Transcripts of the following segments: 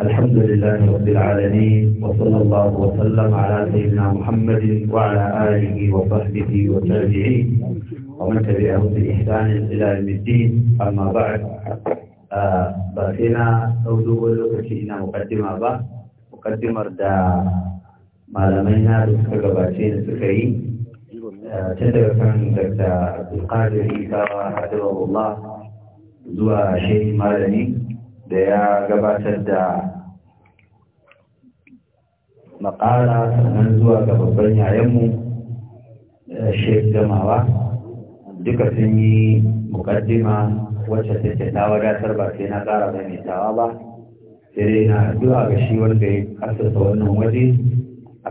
الحمد لله رب العالمين وصلى الله وسلم على سيدنا محمد وعلى آله وصحبه وتابعيه ومن تبعهم بإحسان إلى يوم الدين أما بعد آه، بقينا أوزو لوكشينا مقدمة با مقدمة دا لمينا بسكر قباتين سكري آه، تندر كان دكتا القادر إيسا الله زوا شيء مالني da ya gabatar da makara sannan zuwa ga babban yayanmu eh, shek gamawa duka sun yi mukaddima wacce ta ce ta wadatar ba sai na ƙara maimaitawa ba sai dai na zuwa ga shi wanda ya asasa wannan waje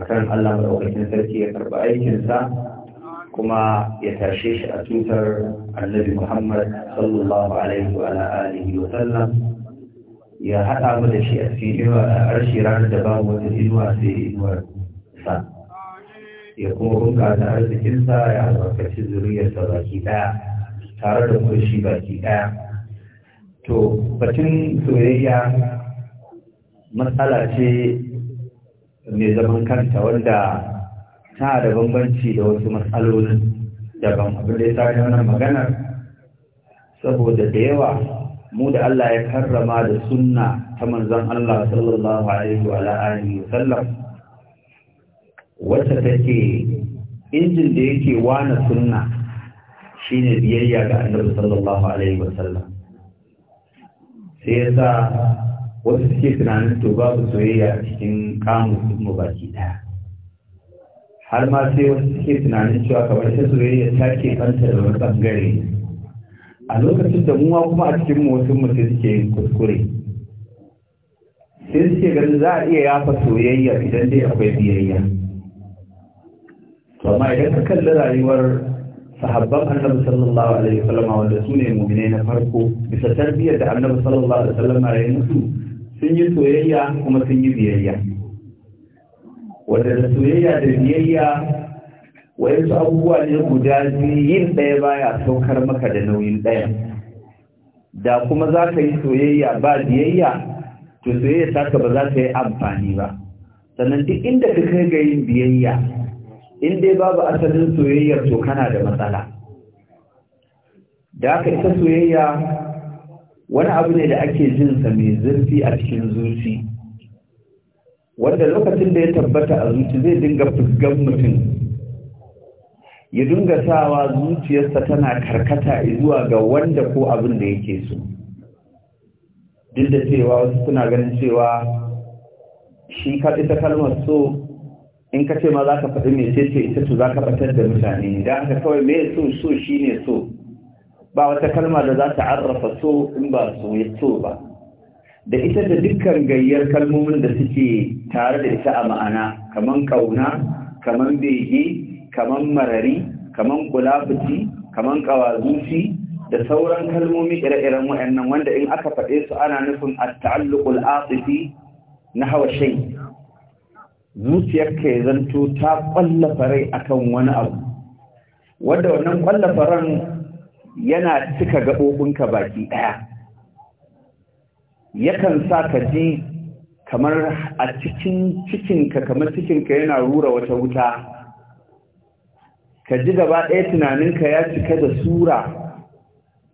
a kan Allah maɗaukakin sarki ya karɓi aikinsa kuma ya tashe shi a tutar annabi Muhammad sallallahu alaihi wa alihi wa sallam ya haɗa mu da shi a cikin inuwa a arshi ranar da babu wata inuwa sai inuwar sa ya kuma bunƙasa arzikinsa ya albarkaci zuriyarsa baki ɗaya tare da kuma shi baki ɗaya to batun soyayya matsala ce mai zaman kanta wanda ta da bambanci da wasu matsalolin daban abin da ya sa wannan maganar saboda da yawa mu da Allah ya karrama da sunna ta manzon Allah sallallahu alaihi wa alihi wa sallam wacce take injin da yake wani sunna shine biyayya ga Annabi sallallahu alaihi wa sallam sai sa wasu suke tunanin to babu soyayya a cikin kamun mu baki daya har ma sai wasu suke tunanin cewa kamar ta soyayya ta ke kanta da wani bangare a lokacin da muwa kuma a cikin wasu mutum suke yin kuskure sai suke ganin za a iya yafa soyayya idan dai akwai biyayya amma idan ka kalli rayuwar sahabban annabi sallallahu alaihi wasallam wanda su ne mu'mine na farko bisa tarbiyyar da annabi sallallahu alaihi wasallam ya musu sun yi soyayya kuma sun yi biyayya wanda da soyayya da biyayya wayansu abubuwa ne guda biyu yin ɗaya baya saukar maka da nauyin ɗaya da kuma za ka yi soyayya ba biyayya to soyayya taka ba za ta yi amfani ba sannan duk inda ka kai ga yin biyayya in dai babu asalin soyayyar to kana da matsala da aka ita soyayya wani abu ne da ake jin sa mai zurfi a cikin zuci wanda lokacin da ya tabbata a zuci zai dinga fuskan mutum ya dinga sawa zuciyarsa tana karkata zuwa ga wanda ko abin da yake so duk da cewa wasu suna ganin cewa shi ka ita kalmar so in ka ce ma za ka faɗi mai ce ce ita to za ka fatar da mutane da haka kawai mai so so shi ne so ba wata kalma da za ta arrafa so in ba so ya so ba da ita da dukkan gayyar kalmomin da suke tare da ita a ma'ana kaman kauna kaman bege kaman marari kaman kulafuti kaman kawazufi da sauran kalmomi ire-iren waɗannan wanda in aka faɗe su ana nufin at-ta'alluqul asifi na hawashin zuciyarka ya zanto ta ƙwallafa rai akan wani abu wanda wannan kwallafa ran yana cika gaɓoɓinka baki ɗaya yakan sa ka ji kamar a cikin cikinka kamar cikinka yana rura wata wuta ka ji gaba ɗaya tunaninka ya cika da sura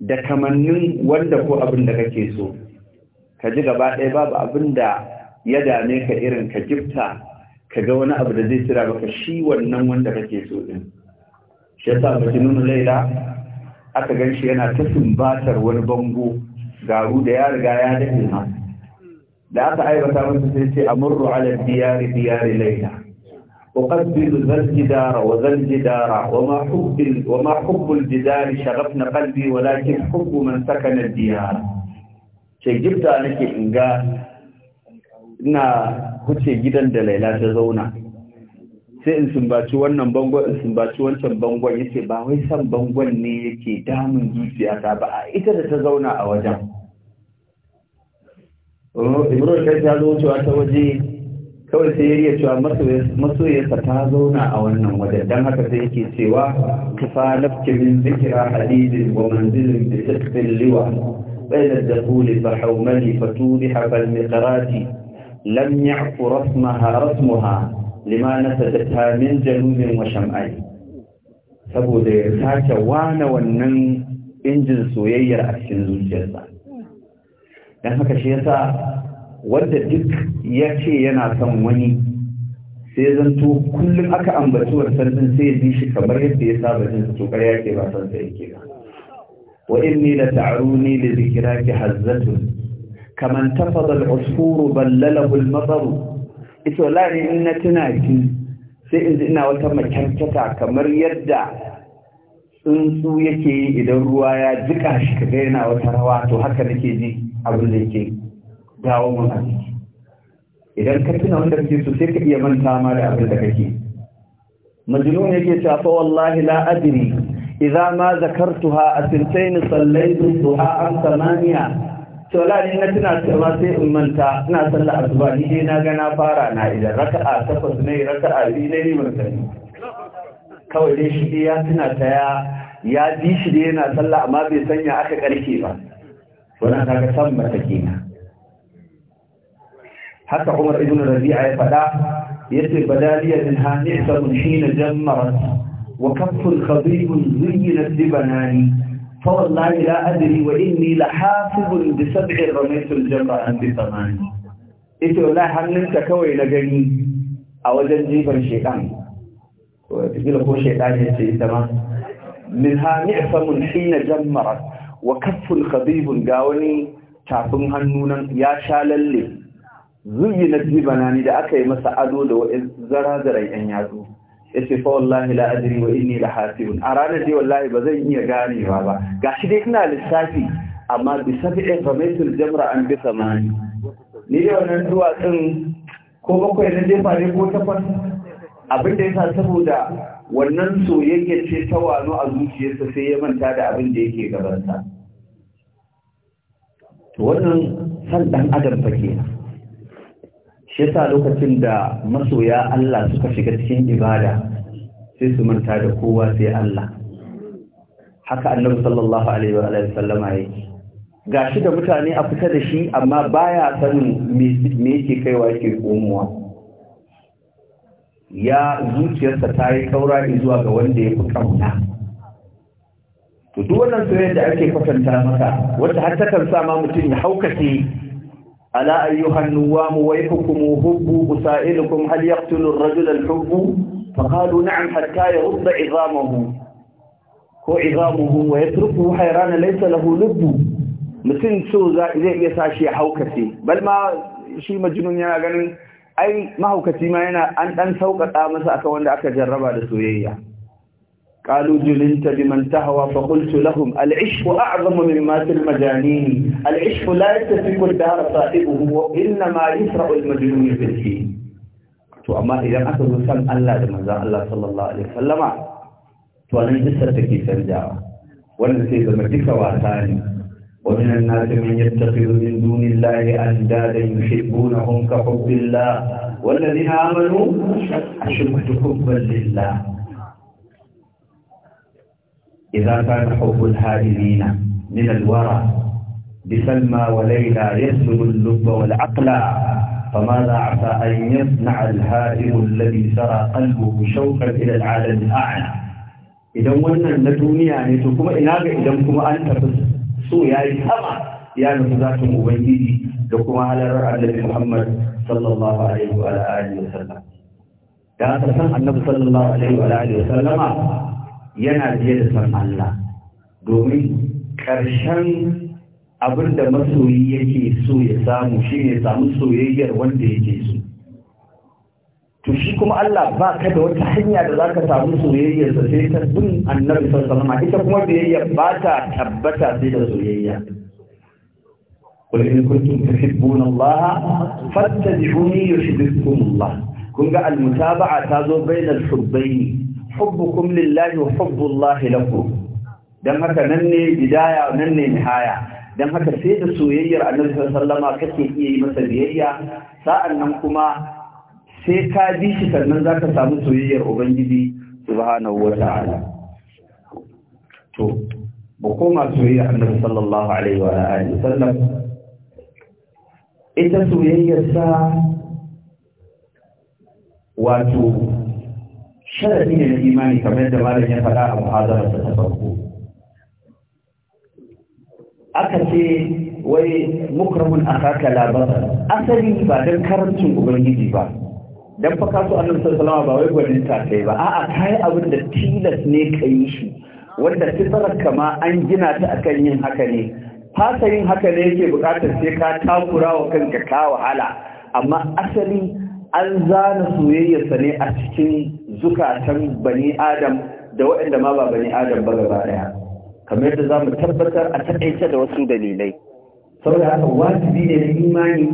da kamannin wanda ko abin da kake so ka ji gaba ɗaya babu abin da ya dame ka irin ka jifta ka ga wani abu da zai tsira baka shi wannan wanda kake so ɗin shi yasa majinun laila aka gan shi yana ta sumbatar wani bango garu da ya riga ya daɗe ma da aka aibata masa sai ce amurru ala diyari diyari laila أقبل الجدار وذا الجدار وما حب وما حب الجدار شغفنا قلبي ولكن حب من سكن الديار sai gifta nake in ga ina huce gidan da laila ta zauna sai in sumbaci wannan bangon in sumbaci wancan bangon yace ba wai san bangon ne yake damun zuciyata ba a ita da ta zauna a wajen Ibrahim kai ya zo ta waje kawai sai yariya cewa masoyarsa ta zauna a wannan wajen don haka sai yake cewa kifa nafke min zikira hadidin wa manzilin da sassin liwa bai da dakuli fa haumali fa turi hafal miqarati lam rasmaha rasmuha lima nasadata min janubin wa sham'ai saboda ya sake wane wannan injin soyayyar a cikin zuciyarsa don haka shi yasa wanda duk ya ce yana son wani sai zanto kullum aka ambaci wasan din sai ya ji shi kamar yadda ya saba jin su ƙarya ke ba san sa yake ba wa inni la ta'runi li dhikraki hazzatun kaman tafada al-usfur ballalahu al-matar ita wallahi in na tuna sai in ina wata makarkata kamar yadda tsuntsu yake yi idan ruwa ya jika shi kaga yana wata rawa to haka nake ji abin da yake dawo maka a ciki idan ka tuna wanda kake so sai ka iya manta ma da abin da kake majnun yake cewa fa wallahi la adri idza ma zakartuha asintain sallaytu duha an samaniya to la ni na tuna cewa sai in manta ina sallah asuba ni dai na ga na fara na idan raka'a takwas ne raka'a biyu ne mun sani kawai dai shi ya tuna ta ya ya ji shi dai yana sallah amma bai sanya aka karke ba wannan kaga san mata kenan حتى عمر ابن الربيع فدا يسر بدالية منها نعتب حين جمرت وكف خبيب زينت لبناني فوالله لا أدري وإني لحافظ بسبع رميت الجمرة عند ثماني إذا لا هل أنت كوي لجني أو جنجيب الشيطان تقول لك شيطان يسير تمام منها نعتب حين جمرت وكف خبيب قاوني تعفن هنونا يا شال اللي zuyi na ne da aka yi masa ado da wa'in zarazaran yan yatsu ya ce fa wallahi la adri wa inni la hasibun a ranar dai wallahi ba zan iya gane ba Ga shi dai ina lissafi amma bi sabi information jamra an bi samani ni da wannan duwatsun ko bakwai na jefa ne ko takwas abin da yasa saboda wannan soyayya ce ta wano a zuciyarsa sai ya manta da abin da yake gabansa to wannan san dan adam fa kenan shi yasa lokacin da masoya Allah suka shiga cikin ibada sai su manta da kowa sai Allah haka annabi sallallahu alaihi wa alihi sallama yake gashi da mutane a fita da shi amma baya sanin me yake kaiwa yake komowa ya zuciyarsa ta yi kaura zuwa ga wanda ya fi kauna to duk wannan soyayya da ake kwatanta maka wanda har takan sa ma mutum ya haukace ألا أيها النوام ويحكم هب أسائلكم هل يقتل الرجل الحب فقالوا نعم حتى يغض عظامه هو عظامه ويتركه حيران ليس له لب mutum so zai iya sa shi ya haukace bal ma shi majnun yana ganin ai mahaukaci ma yana an dan sauƙaƙa masa akan wanda aka jarraba da soyayya قالوا جلنت بمن تهوى فقلت لهم العشق أعظم من مات المجانين العشق لا يتفق الدار صاحبه وإنما يسرع المجنون في تو أما amma idan aka zo san Allah da manzon Allah sallallahu alaihi wasallama to nan jissar take canjawa wannan sai zama ومن الناس من يتخذ من دون الله أندادا يحبونهم كحب الله والذين آمنوا أشد حبا لله إذا كان حب الهادمين من الورى بسلمى وليلى يسجد اللب والعقل فماذا عسى أن يصنع الهادم الذي سرى قلبه شوقا إلى العالم الأعلى إذا ولنا الدنيا أن يتركم إلى إذا كما أنت سوء يا سما يا نفذات مبيدي لكم على النبي محمد صلى الله عليه وعلى آله وسلم يا تسمع النبي صلى الله عليه وعلى آله وسلم yana biye da san Allah domin ƙarshen abin da masoyi yake so ya samu shi ne samu soyayyar wanda yake so to shi kuma Allah ba ka da wata hanya da za ka samu soyayyar sa sai ta bin annabi sallallahu ita kuma biyayyar ba ta tabbata sai da soyayya قل Allah كنتم تحبون الله فاتبعوني ta الله كن ta zo bainal الحبين hubbukum lillahi wa hubbullahi lakum dan haka nan ne bidaya nan ne nihaya dan haka sai da soyayyar annabi sallama kake iya yi masa biyayya sa'an nan kuma sai ka bi shi sannan zaka samu soyayyar ubangiji subhanahu wa ta'ala to ba koma soyayyar annabi sallallahu alaihi wa alihi sallam ita soyayyar sa wato sharadi ne na imani kamar yadda malam ya faɗa a muhazarar ta farko aka ce wai mukramun akaka labaran asali ba don karancin ubangiji ba dan fa kaso annabi sallallahu ba wai gwanin ta kai ba a'a kai abin da tilas ne yi shi wanda fitarar kama an gina ta akan yin haka ne fasa yin haka ne yake bukatar sai ka takura wa kanka ka wahala amma asali an zana soyayyarsa ne a cikin zukatan bani adam da waɗanda ma ba bani adam ba gaba ɗaya, kamar yadda za mu tabbatar a taƙaice da wasu dalilai saboda haka wajibi ne na imani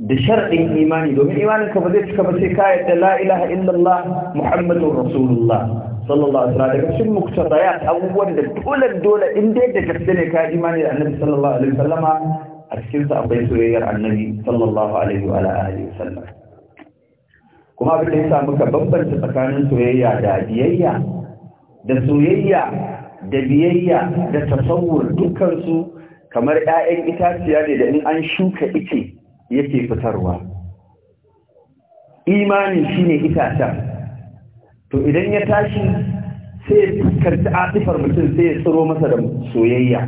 da sharɗin imani domin imanin ka ba zai cika ba sai ka yadda la ilaha illallah muhammadun rasulullah sallallahu alaihi wasallam daga cikin muktarayat abubuwan da dole dole in dai da gaske ne ka imani da annabi sallallahu alaihi wasallama a cikin sa akwai soyayyar annabi sallallahu alaihi wa alihi wasallam kuma abin da ya samu ka bambanta tsakanin soyayya da biyayya da soyayya da biyayya da tasawur dukkan kamar 'ya'yan itaciya ne da in an shuka ice yake fitarwa imani shine itacen to idan ya tashi sai ya fuskanci atifar mutum sai ya tsiro masa da soyayya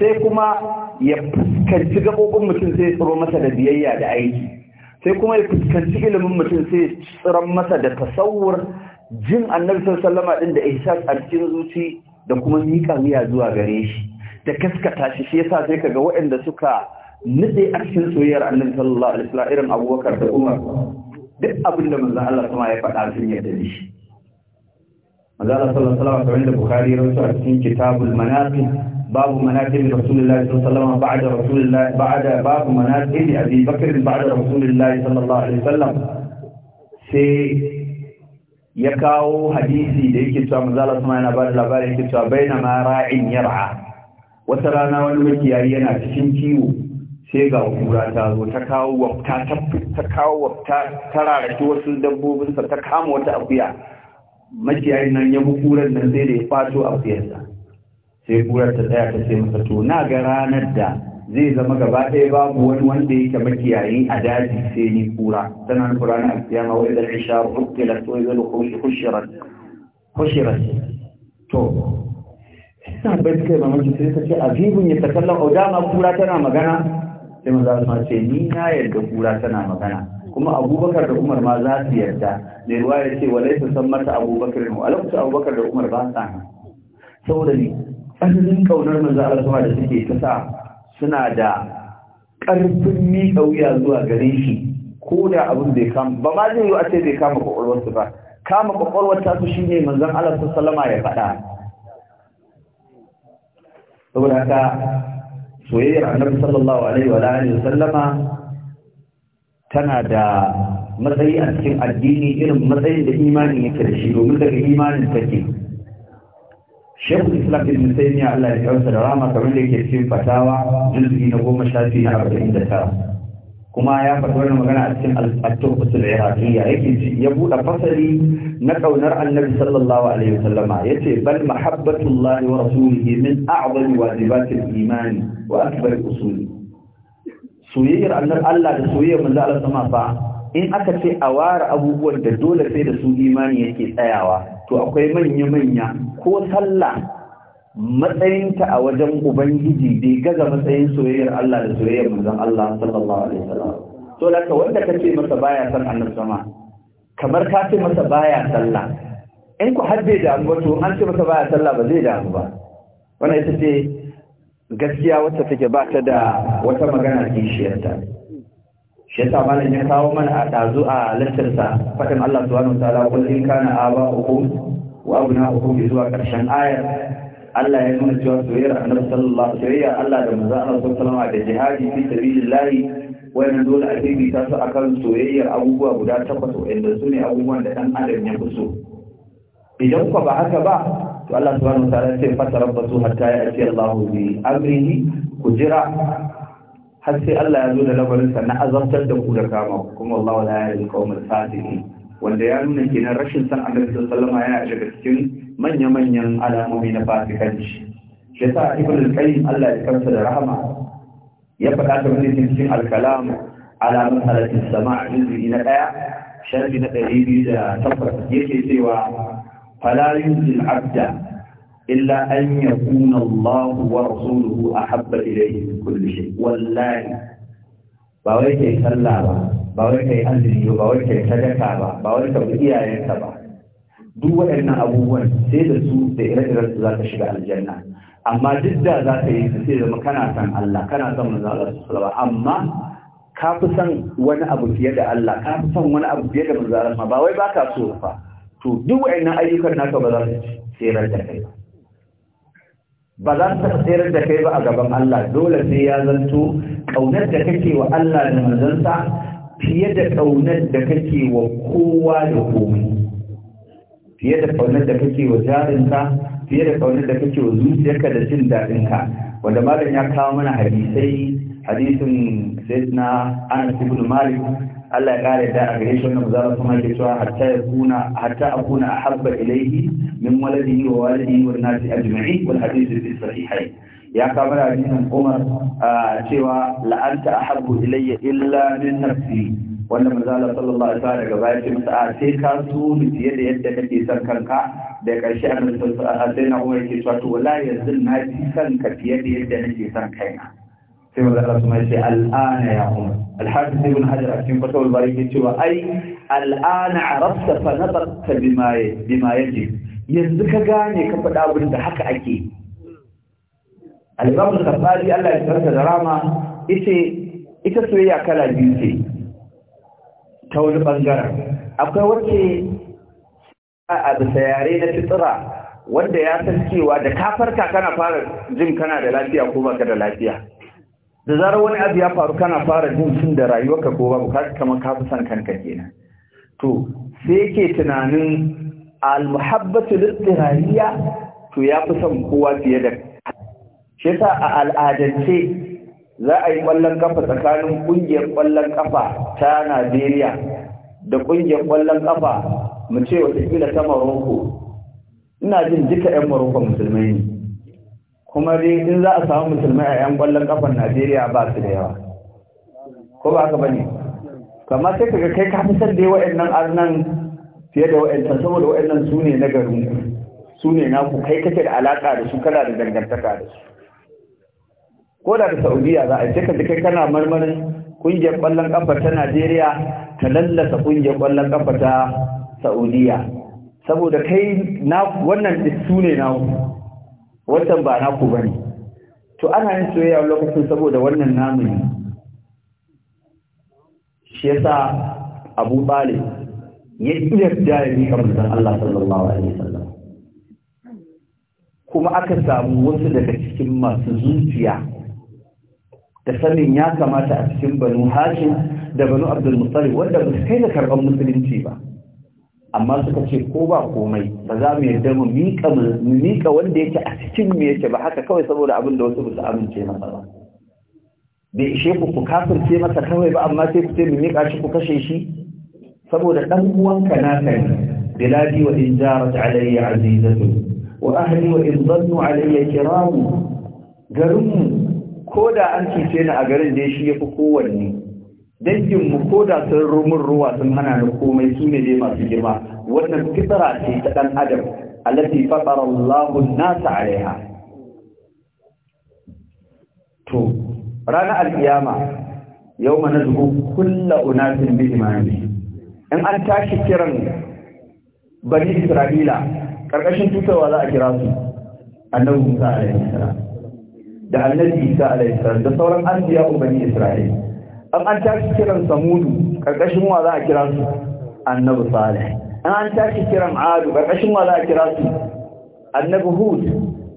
sai kuma ya fuskanci gabobin mutum sai ya tsiro masa da biyayya da aiki sai kuma ya fuskanci ilimin mutum sai tsiran masa da tasawur jin annabi sallama din da ihsas a cikin zuci da kuma miƙa miya zuwa gare shi da kaskata shi shi yasa sai kaga waɗanda suka nutse a soyayyar annabi sallallahu alaihi wasallam irin abubakar da umar duk abin da manzon Allah kuma ya faɗa sun yarda da shi manzala sallallahu alaihi wasallam da bukhari rawaito a cikin kitabul manaqib babu manaqib rasulullahi sallallahu alaihi babu manaqib abi bakr ba'da rasulullahi sallallahu alaihi sai ya kawo hadisi da yake cewa manzala sama yana ba labarin yake cewa bai na mara'in yar'a wata rana wani makiyayi yana cikin kiwo sai ga kura ta zo ta kawo wafta ta kawo wafta ta rarraki wasu dabbobinsa ta kama wata akuya makiyayin nan ya kuran nan sai da ya fato a fiyarsa sai kurar ta tsaya ta ce masa to na ga ranar da zai zama gaba ɗaya babu wani wanda yake makiyayi a daji sai ni kura tana nufin ranar alkiyama wa idan isha rukkila to ya zai kushirar to sa bai kai mamaki sai ta ce a jibin ya takallon au dama kura tana magana sai maza su ce ni na yadda kura tana magana kuma abubakar da umar ma za su yarda da ruwa ya ce wa laifin san mata abubakar mu a lokacin abubakar da umar ba sa nan saboda ne asalin kaunar manzo Allah sama da suke ta sa suna da ƙarfin miƙa wuya zuwa gare shi ko da abin bai kama ba ma zai yi a ce bai kama su ba kama kwakwalwar tasu shi ne manzon Allah sallama ya faɗa saboda haka soyayyar annabi sallallahu alaihi wa alihi wa sallama tana da matsayi a cikin addini irin matsayin da imanin yake da shi domin daga imanin take shekul islam ibn taymiya Allah ya kawo da rama kamar da yake cikin fatawa juz'i na goma sha biyu na arba'in da tara kuma ya faɗi magana a cikin al-tuhfatul iraqiyya yake ya buɗe fasali na ƙaunar annabi sallallahu alaihi wasallama ce, bal mahabbatullahi wa rasulihi min a'zami wajibatil imani wa akbar usuli soyayyar annar Allah da soyayyar manzo Allah sama fa in aka ce a ware abubuwan da dole sai da su imani yake tsayawa to akwai manya-manya ko sallah matsayinta a wajen ubangiji bai gaza matsayin soyayyar Allah da soyayyar manzo Allah sallallahu alaihi wasallam to ka wanda kace masa baya san annar sama kamar ka ce masa baya sallah in ku hadde da to an ce masa baya sallah ba zai damu ba wannan ita ce gaskiya wacce take ba ta da wata magana kishiyarta shi yasa malam ya kawo mana a dazu a lantarsa fatan Allah subhanahu wa ta'ala kullu in kana aba'ukum wa abna'ukum zuwa karshen ayar Allah ya nuna cewa soyayyar Annabi sallallahu alaihi wasallam Allah da manzo Allah sallallahu alaihi da jihadi fi sabilillah yana dole a bibi ta su akan soyayyar abubuwa guda takwas wanda sune abubuwan da dan adam ya fi so idan ku ba haka ba to Allah subhanahu wa ta'ala sai fata rabbasu hatta ya ati Allah bi amrihi ku jira har sai Allah ya zo da labarin sa na azabtar da ku da kama kuma Allah la ya yi fasiqin wanda ya nuna kenan rashin san Annabi sallallahu alaihi yana daga cikin manya-manyan alamomi na fasikanci shi yasa ibn al-qayyim Allah ya karsa da rahama ya faɗa ta wani cikin al-kalam alamun halatin sama'a na ɗaya sharhi na ɗari biyu da tabbas yake cewa فلا يؤذي العبد إلا أن يكون الله ورسوله أحب إليه من كل شيء والله باويك يسلى باويك يأذي باويك يسلكى باويك بإيا ينتبع دو وإن أبوان سيد سوء سيئرة إرسل ذات شبع الجنة أما جدا ذات يسير مكانا سن الله كان زمن الله صلى الله أما ka fi son wani abu fiye da Allah ka fi son wani abu fiye da manzo Allah ba wai baka so fa to duk wa'annan ayyukan naka ba za su tsere da kai ba ba za su tsayar da kai ba a gaban Allah dole sai ya zanto ƙaunar da kake wa Allah da manzansa fiye da ƙaunar da kake wa kowa da komai fiye da ƙaunar da kake wa jarinka fiye da ƙaunar da kake wa zuciyarka da jin dadinka wanda malam ya kawo mana hadisai hadisin sayyidina Anas ibn Malik Allah ya kare da a gare shi wannan bazara kuma ke cewa hatta ya kuna hatta akuna ahabba ilayhi min waladihi wa walidihi wa nasi ajma'in wal hadith fi sahihayn ya kamar hadisin Umar cewa la anta ahabbu ilayya illa min nafsi wanda manzo sallallahu alaihi wasallam daga baya ce masa a sai ka so ni fiye da yadda kake son kanka da karshe annabi sallallahu alaihi wasallam sai na Umar yake to wallahi yanzu na ji kanka fiye da yadda nake son kaina sai maza ala suna ce al'ana ya umar Alhaji sai ibn hajar a cikin fatawul wulbari ke cewa ai al'ana rasta fa na tsarta bima yaji yanzu ka gane ka faɗa abin da haka ake al da al Allah ya tsarta da rama ita ita soyayya kala biyu ce ta wani bangaren akwai wacce a bisa yare na fitira wanda ya san cewa da ka farka kana fara jin kana da lafiya ko baka da lafiya da zarar wani abu ya faru kana fara jin cin da rayuwarka ko babu ka kamar ka fi san kanka kenan to sai yake tunanin al-muhabbatu lil-qirariya to ya fi son kowa fiye da shi ta a al'adance za a yi ƙwallon kafa tsakanin ƙungiyar ƙwallon kafa ta Najeriya da ƙungiyar ƙwallon kafa mu ce wata ta Morocco ina jin jika 'yan Morocco musulmai ne kuma dai in za a samu musulmai a 'yan ƙwallon ƙafar najeriya ba su da yawa ko ba ka ba ne kamar sai kaga kai ka fitar da wa'annan arnan fiye da wa'annan saboda wa'annan su ne na garin su ne naku kai kake da alaka da su kana da dangantaka da su ko da saudiya za a yi ka kai kana marmarin kungiyar ƙwallon ƙafar ta najeriya ta lallasa kungiyar ƙwallon ƙafar ta saudiya saboda kai na wannan su ne naku wannan ba naku bane to ana yin soyayya lokacin saboda wannan namu shi yasa Abu Talib ya yarda ya kamar dan Allah sallallahu alaihi wasallam kuma aka samu wasu daga cikin masu zuciya da sanin ya kamata a cikin Banu Hashim da Banu Abdul Muttalib wanda ba su kai da karban musulunci ba amma suka ce ko ba komai ba za mu yarda mu miƙa wanda yake a cikin mu yake ba haka kawai saboda abin da wasu ba su amince masa ba bai ishe ku ku kafirce masa kawai ba amma sai ku ce mu miƙa shi ku kashe shi saboda dan uwanka na kai biladi wa in jarat alayya azizatu wa ahli wa in dhannu alayya kiramu garin ko da an cuce ni a garin da shi yafi kowanne dangin mu ko da sun rumun ruwa sun hana ni komai su ne masu girma wannan fitara ce ta dan adam allati fatara Allahu nasa alaiha to ranar alkiyama yau mana zuku kulla unasin bi imani in an tashi kiran bani isra'ila karkashin tutawa za a kira su annabi musa alaihi salam da annabi isa alaihi salam da sauran anbiya bani isra'ila an an tashi kiran samudu ƙarƙashin wa za a kira su annabi salih an an tashi kiran adu ƙarƙashin wa za a kira su annabi hud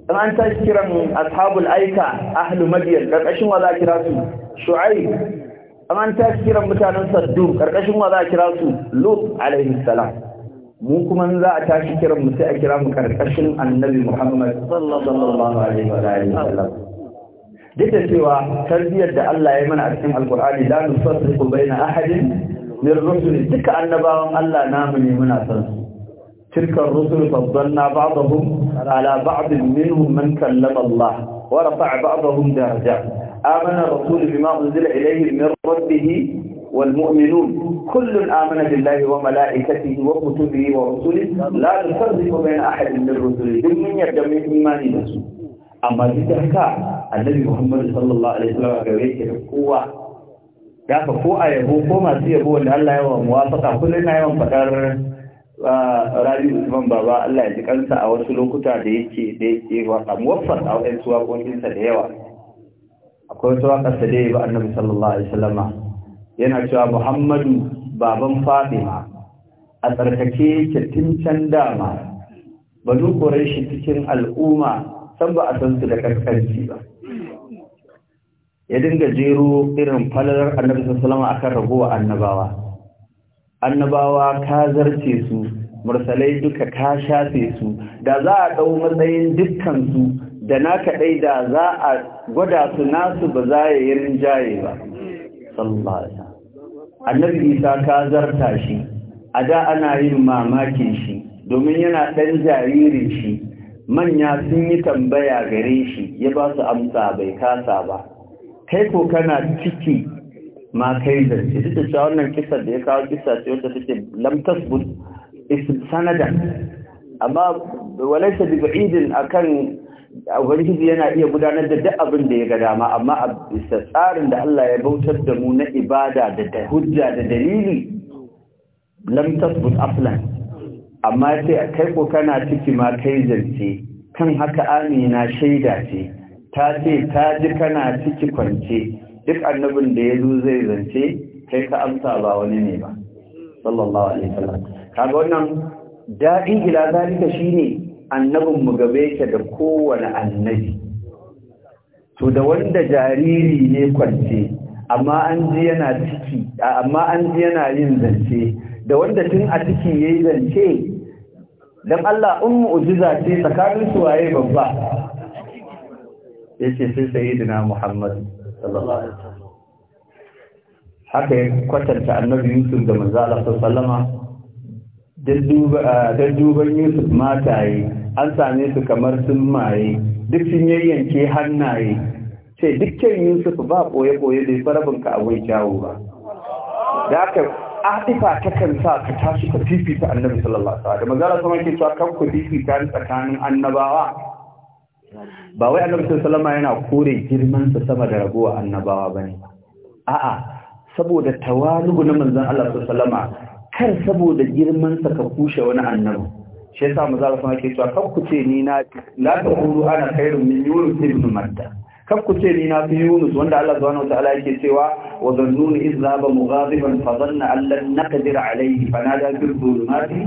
an an tashi kiran ashabul aika ahlu Madiyar, ƙarƙashin wa za a kira su shu'aib an an tashi kiran mutanen Saddu, ƙarƙashin wa za a kira su lut alaihi salam mu kuma za a tashi kiran mu sai a kira mu ƙarƙashin annabi muhammad sallallahu alaihi wa sallam duk cewa tarbiyar da Allah ya mana a cikin alkur'ani la nusarrifu baina ahadin min rusuli duka annabawan Allah namu ne muna san su tilka rusul faddalna ba'dahum ala ba'd minhum man kallama Allah wa rafa'a ba'dahum daraja amana rasul bima unzila ilayhi min rabbih والمؤمنون كل آمن بالله وملائكته وكتبه ورسله لا نفرق بين أحد من الرسل من يدعو إيمان نفسه أما ذكرك annabi Muhammad sallallahu alaihi wasallam gare yake da kowa ya fa ko a yabo ko masu yabo wanda Allah ya wa muwafaka kullun na yawan fadar ah, Rabi Usman Baba Allah ya ji kansa a wasu lokuta da yake da yake waka muwaffaq a wasu sa da yawa akwai suwa waƙarsa da ya ba annabi sallallahu alaihi wasallam yana cewa Muhammadu baban Fatima a tsarkake yake can dama ba duk shi cikin al'umma san ba a san su da karkanci ba ya dinga jero irin falalar annabi sallallahu alaihi akan ragowa annabawa annabawa ka zarce su mursalai duka ka shafe su da za a dau matsayin dukkan da na dai da za a gwada su nasu ba za ya yi rinjaye ba sallallahu alaihi annabi isa ka zarta shi a da ana yin mamakin shi domin yana ɗan jaririn shi manya sun yi tambaya gare shi ya ba su amsa bai kasa ba kai ko kana ciki ma kai zance duk da cewa wannan kisa da ya kawo kisa ce wata take lam tasbut sanadan amma walaysa bi ba'idin akan ubangiji yana iya gudanar da duk abin da ya ga dama amma a tsarin da Allah ya bautar da mu na ibada da hujja da dalili lam tasbut aflan amma sai kai ko kana ciki ma kai zance kan haka amina shaida ce ta ce ta ji kana ciki kwance duk annabin da ya zo zai zance kai ka amsa ba wani ne ba sallallahu alaihi wasallam kaga wannan daɗin ila zalika shine annabin mu gabe yake da kowane annabi to da wanda jariri ne kwance amma an ji yana ciki amma an ji yana yin zance da wanda tun a ciki yayi zance dan Allah in ujiza ce tsakanin su waye babba yace sai sayyidina Muhammad sallallahu alaihi wasallam haka ya kwatanta annabi Yusuf da manzo Allah sallama dadduban Yusuf mataye an same su kamar sun maye duk sun yayyanke hannaye sai dukkan Yusuf ba koye-koye da farabin ka awai jawo ba da haka atifa ta kan sa ka tashi ka fifita annabi sallallahu alaihi wasallam da manzo Allah ke cewa kan ku fifita tsakanin annabawa ba wai annabi sallallahu alaihi yana kore girman sa sama da ragowa annabawa bane a'a saboda tawalu na manzon Allah sallallahu alaihi kar saboda girman sa ka kushe wani annabi shi yasa manzo Allah sallallahu alaihi wasallam cewa kan ku ce ni na la ta ana khairun min yuru ibn madda kaf ku ce ni na fi Yunus wanda Allah subhanahu wataala yake cewa wa zannuni iz zaba mughadiban fa Kadira, an lan naqdir alayhi fa nada fil dhulumati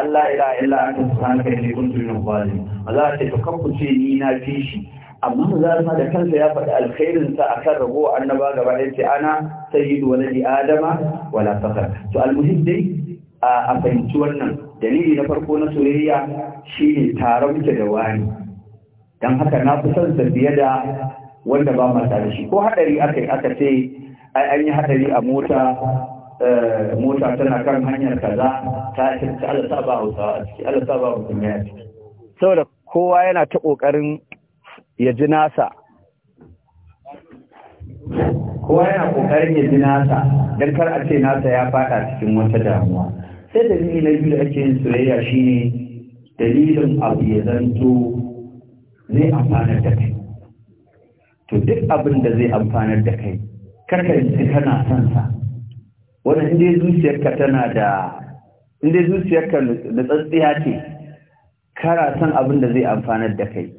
alla ilaha illa anta subhanaka inni kuntu min adh Allah ce to kaf ku ce ni na fi shi amma zalima da kansa ya faɗi alkhairin sa akan rago annaba gaba ɗaya ce ana sayyidu waladi adama wala fakar to almuhim dai a fahimci wannan dalili na farko na soyayya shine tare muke da wani dan haka na fi son sa fiye da wanda ba mu tare shi ko hadari aka yi aka ce ai an yi hadari a mota eh, mota tana kan hanyar kaza ta ce ta Allah ta ba Hausawa a ciki Allah ta ba musulmi a ciki saboda kowa yana ta kokarin ya ji nasa kowa yana kokarin ya ji nasa don kar a ce nasa ya fada cikin wata damuwa sai ni na biyu da ake yin soyayya shine dalilin abu ya zanto zai amfana da kai to duk abin da zai amfanar da kai karka yi kana son sa wannan inda zuciyarka tana da inda zuciyarka da tsatsiya ce kana son abin da zai amfanar da kai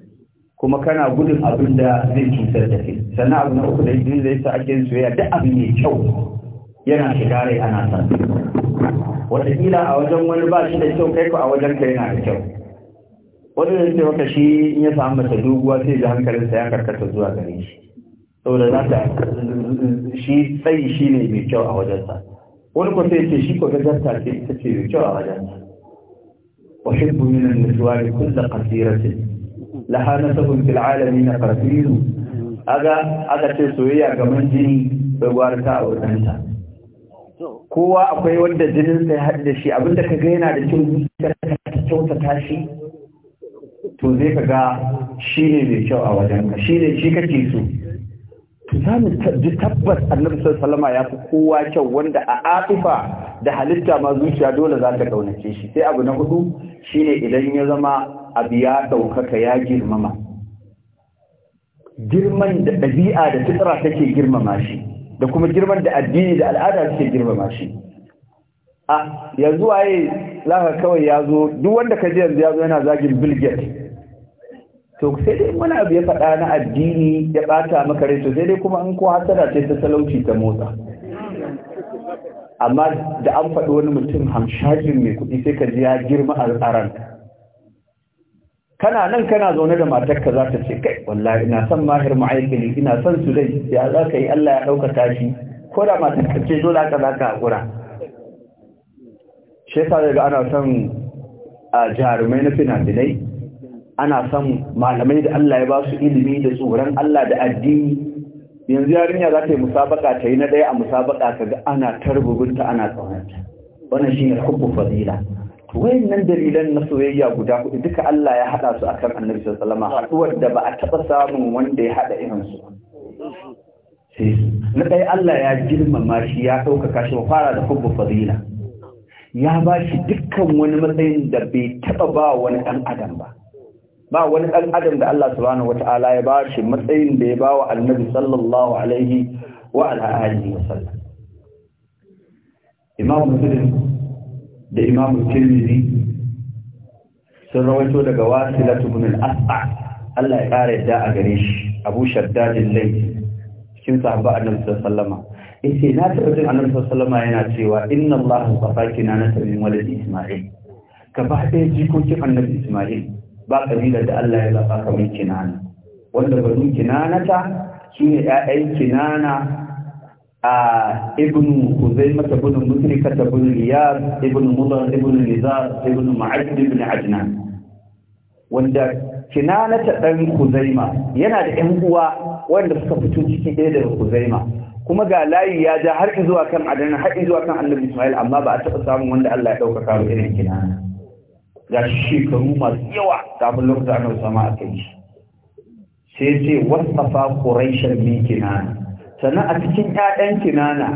kuma kana gudun abin da zai cutar da kai sannan abu na uku da izini zai sa ake soyayya duk abin mai kyau yana shiga rai ana son wataƙila a wajen wani ba shi da kyau kai ko a wajen ka yana da kyau wanda zai ce maka shi in ya samu mace doguwa sai ji hankalinsa ya karkata zuwa gare shi saboda za ta shi tsayi shi ne mai kyau a wajensa wani ko sai ce shi ko gajarta ce ita ce mai kyau a wajensa wa hibbu da an da kullu qasiratin laha nasabun fil alamin qasiru aga aka ce soyayya ga manjini bai gwarta a wajensa kowa akwai wanda jinin sai haɗu da shi abinda ka ga yana da kyau ta kyautata shi to zai ka ga shi ne mai kyau a wajen ka shi ne shi kake so to za mu ji tabbas annabi sallallahu ya fi kowa kyau wanda a atifa da halitta ma zuciya dole za ta kaunace shi sai abu na hudu shine idan ya zama abu ya ɗaukaka ya girmama girman da ɗabi'a da fitra take girmama shi da kuma girman da addini da al'ada take girmama shi a yanzu waye zaka kawai ya zo duk wanda ka ji yanzu ya zo yana zagin Bill to sai dai wani abu ya faɗa na addini ya ɓata maka rai to sai dai kuma in ko hasara ce ta talauci ta motsa amma da an faɗi wani mutum hamshajin mai kuɗi sai ka ji ya girma al'aran kana nan kana zaune da matarka za ta ce kai wallahi ina son mahir ma'aikili ina son su dai ya za ka yi Allah ya ɗaukaka shi ko da matarka ce dole aka za ka haƙura shi yasa daga ana son a jarumai na finafinai ana son malamai da Allah ya ba su ilimi da tsoron Allah da addini yanzu yarinya za ta yi musabaka ta yi na ɗaya a musabaka ka ga ana tarbubinta ana tsaunanta wannan shi ne hukun wayan nan dalilan na soyayya guda hudu duka Allah ya hada su akan Annabi sallallahu alaihi haduwar da ba a taba samun wanda ya haɗa irin su na ɗaya Allah ya girmama shi ya dauka shi fara da hubbu fadila ya ba shi dukkan wani matsayin da bai taɓa ba wani ɗan adam ba ba wani ɗan adam da Allah subhanahu wata'ala ya ba shi matsayin da ya ba wa annabi sallallahu alaihi wa ala'ayi wa sallam imam muslim da imam tirmidhi sun rawaito daga wasilat ibn al-as'a Allah ya kare da a gare shi Abu Shaddad al-Layth cikin sahaba annabi sallallahu alaihi wa sallama yace na taɓa jin annabi sallallahu alaihi yana cewa inna allaha safa kinana min waladi isma'il gaba ɗaya jikokin annabi isma'il ba kabilar da Allah ya zaɓa kamar kinana wanda banu kinanata su ne ‘ya'yan kinana a ibn kuzai mata ibn musrika ta ibn riyar ibn mudar ibn nizar ibn ma'ad ibn ajnan wanda kinanata ɗan kuzaima yana da ‘yan uwa wanda suka fito ciki ɗaya daga kuzaima kuma ga layi ya ja har zuwa kan adana har zuwa kan annabi Ismail amma ba a taɓa samun wanda Allah ya ɗaukaka ba irin kinana ga shekaru masu yawa kafin lokacin annabi sama a kai sai ce wasafa quraishan min kinana sannan a cikin ƴaƴan kinana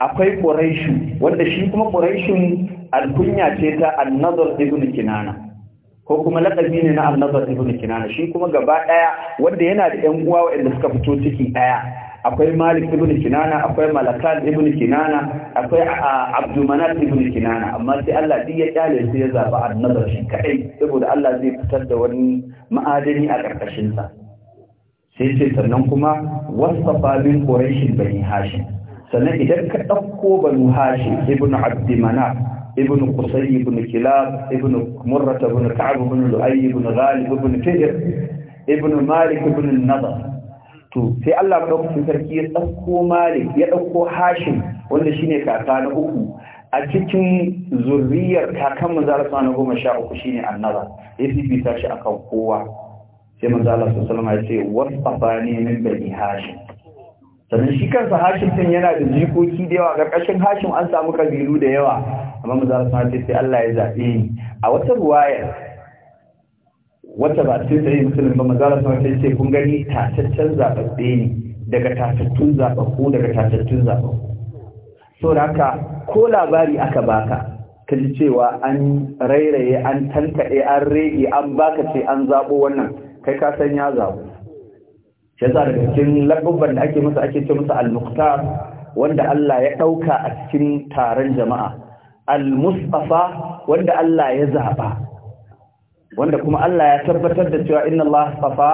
akwai quraishu wanda shi kuma quraishun alkunya ce ta annabar ibn kinana ko kuma laƙabi ne na annabar ibn kinana shi kuma gaba ɗaya wanda yana da ƴan uwa waɗanda suka fito ciki ɗaya akwai malik ibn kinana akwai malakat ibn kinana akwai abdumanat ibn kinana amma sai Allah duk ya kyale sai ya zaba annabar shi kadai saboda Allah zai fitar da wani ma'adani a karkashin sa sai ce sannan kuma wasafa min quraish bani hashim sannan idan ka ɗauko banu hashim ibn abdumanat ابن قصي ibn كلاب ابن مرة بن كعب بن لؤي بن غالب بن فهر ابن malik, بن nadar. to sai Allah ba ku sarki ya dauko Malik ya dauko Hashim wanda shine kaka na uku a cikin zurriyar kakan manzo Allah na goma sha uku shine annaba ya fi fifita shi akan kowa sai manzo Allah sallallahu alaihi wasallam ya ce wasafani min bani Hashim sannan shi kansa Hashim din yana da jikoki da yawa karkashin Hashim an samu kabilu da yawa amma manzo Allah sallallahu alaihi sai Allah ya zabe a wata ruwaya Wata ba cikin sai musulun ba mazara sama sai ce kun gani tataccen zaɓaɓɓe ne daga tatattun zaɓaɓɓu daga tatattun zaɓaɓɓu ko labari aka baka ka ji cewa an rairaye an tankaɗe an rege an baka ce an zaɓo wannan kai ka san ya zaɓo shi yasa daga cikin labubban da ake masa ake ce masa al-muqtar wanda Allah ya ɗauka a cikin taron jama'a al-mustafa wanda Allah ya zaɓa wanda kuma Allah ya tabbatar da cewa inna Allah safa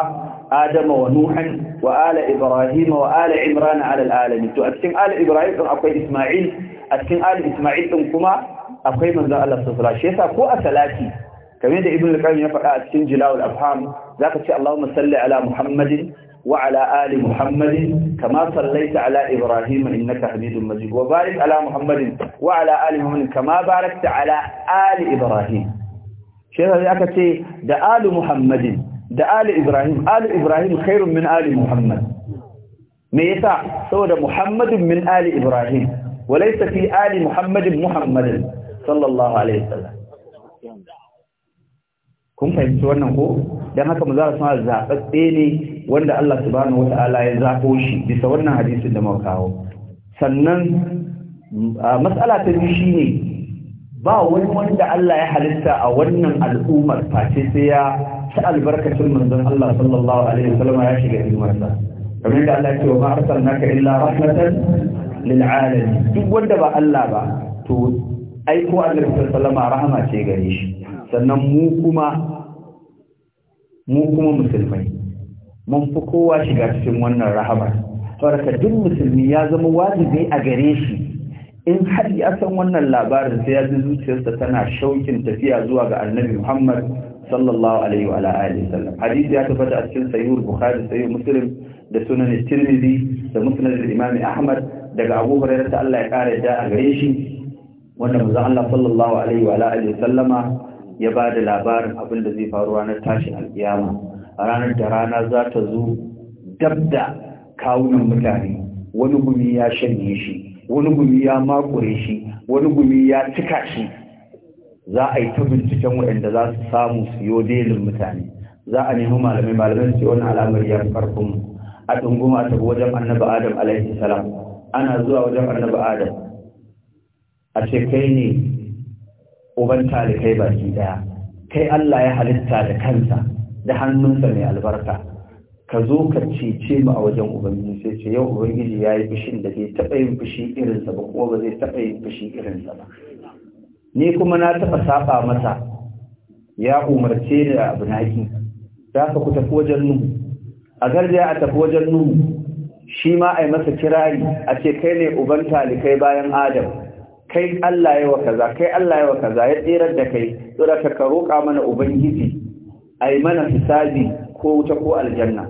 Adama wa Nuhan wa ala Ibrahim wa ala Imran ala alamin to a cikin ala Ibrahim din akwai Isma'il a cikin ala Isma'il din kuma akwai manzon Allah sallallahu alaihi wasallam shi yasa ko a salati kamar da Ibn al-Qayyim ya faɗa a cikin Jilal al-Afham zaka ce Allahumma salli ala Muhammadin ali وعلى آل محمد كما صليت على إبراهيم إنك حميد مجيد وبارك على محمد وعلى ali muhammadin kama باركت ala ali إبراهيم shi yasa aka ce da ali muhammadin da ali ibrahim ali ibrahim khairun min ali muhammad me yasa saboda muhammadin min ali ibrahim walaysa fi ali muhammadin muhammadin sallallahu alaihi wasallam kun fahimci wannan ko dan haka mu za su ma zaɓaɓɓe ne wanda Allah subhanahu wata'ala ya zaɓo shi bisa wannan hadisin da muka kawo sannan mas'ala ta biyu shine ba wani wanda Allah ya halitta a wannan al'ummar face sai ya ci albarkacin manzon Allah sallallahu alaihi wasallam ya shiga ilmarsa kamar da Allah ya ce wa ma arsalnaka illa rahmatan lil alamin duk wanda ba Allah ba to aiko Allah sallallahu alaihi rahama ce gare shi sannan mu kuma mu kuma musulmai mun fi kowa shiga cikin wannan rahama saboda duk musulmi ya zama wajibi a gare shi in har ya san wannan labarin sai ya ji zuciyarsa tana shaukin tafiya zuwa ga annabi Muhammad sallallahu alaihi wa alihi sallam hadisi ya tabbata a cikin sahih bukhari sahih muslim da sunan tirmidhi da musnad imam ahmad daga abu hurairah ta Allah ya kare da a gare shi wanda manzo Allah sallallahu alaihi wa alihi sallama ya ba da labarin abin da zai faru ranar tashi alkiyama a ranar da rana za ta zo dabda da kawunan mutane wani gumi ya shanye shi wani gumi ya makure shi wani gumi ya cika shi za a yi ta binciken waɗanda za su samu su yi delin mutane za a nemi malamai malamai su wani al'amari ya farkon a ɗunguma ta wajen annabi adam alaihi salam ana zuwa wajen annabi adam a ce kai ne uban talikai baki daya kai Allah ya halitta da kansa da hannunsa mai albarka ka zo ka cece mu a wajen ubangiji sai ce yau ubangiji ya yi fushin da zai taɓa yin fushi irinsa ba kuma ba zai taɓa yin fushi irinsa ba ni kuma na taɓa saba masa ya umarce ni da abu naki za ka ku tafi wajen nuhu a garja a tafi wajen nuhu shi ma a yi masa kirari a ce kai ne uban talikai bayan adam kai Allah yawa kaza kai Allah yawa kaza ya tsirar da kai to ka roƙa mana ubangiji a yi mana hisabi ko wuta ko aljanna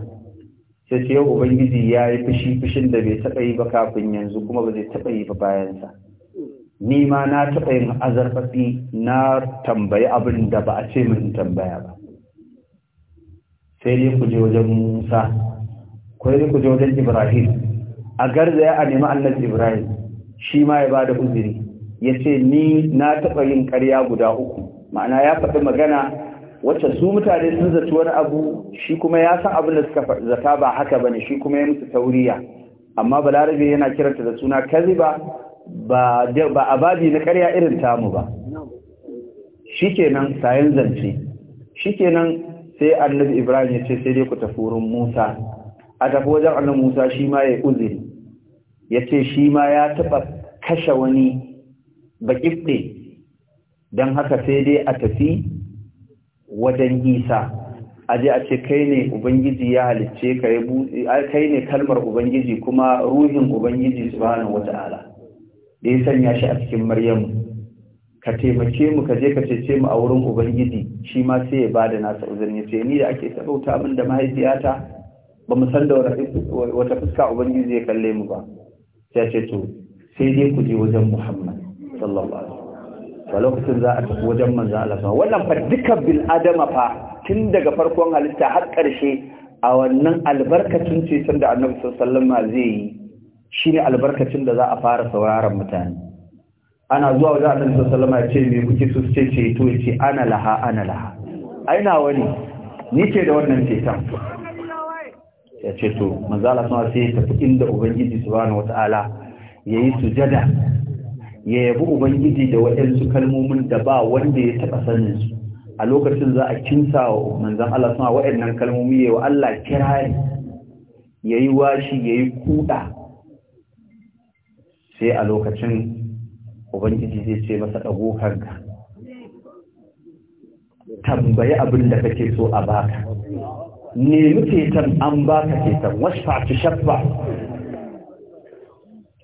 sai ce yau ubangiji ya yi fushi fushin da bai taɓa yi ba kafin yanzu kuma ba zai taɓa yi ba bayansa ni ma na taɓa yin azarfafi na tambayi abin da ba a ce min tambaya ba sai dai ku je wajen musa ko dai ku je wajen ibrahim a garzaya a nemi annabi ibrahim shi ma ya bada uzuri ya ce ni na taɓa yin karya guda uku ma'ana ya faɗi magana wacce su mutane sun zaci wani abu shi kuma ya san abin da suka zata ba haka ne, shi kuma ya musu tauriya amma balarabe yana kiranta da suna kaziba ba ba babi na karya irin tamu ba shikenan sayan zance shikenan sai annabi Ibrahim ya ce sai dai ku tafi wurin Musa a tafi wajen annabi Musa shi ma ya uzuri yace shi ma ya taɓa kashe wani bakifte Don haka sai dai a tafi wajen isa aje a ce kai ne ubangiji ya halicce ka kai ne kalmar ubangiji kuma ruhin ubangiji subhanahu wata'ala da ya sanya shi a cikin maryamu ka taimake mu ka je ka cece mu a wurin ubangiji shi ma sai ya bada nasa uzurin ya ce ni da ake sabauta min da mahaifiyata ba mu san da wata fuska ubangiji ya kalle mu ba sai ce to sai dai ku je wajen muhammad sallallahu alaihi wa lokacin za a tafi wajen manzan Allah sama wannan fa dukkan bil adama fa tun daga farkon halitta har ƙarshe a wannan albarkacin ce san da Annabi sallallahu alaihi zai yi shine albarkacin da za a fara sauraron mutane ana zuwa wajen Annabi sallallahu alaihi ya ce me kuke so ce ce to ce ana laha ana laha Ai na wani ni ce da wannan ta ya ce to manzan Allah sama sai ya tafi inda ubangiji subhanahu wataala yayi sujada ya yabi ubangiji da waɗansu kalmomin da ba wanda ya taɓa sanin su a lokacin za a kinsa wa manzan Allah suna waɗannan kalmomi ya wa Allah kirari ya yi washi ya yi kuɗa sai a lokacin ubangiji zai ce masa ɗago kanka tambayi abin da kake so a baka nemi ceton an baka ceton wasu shafa?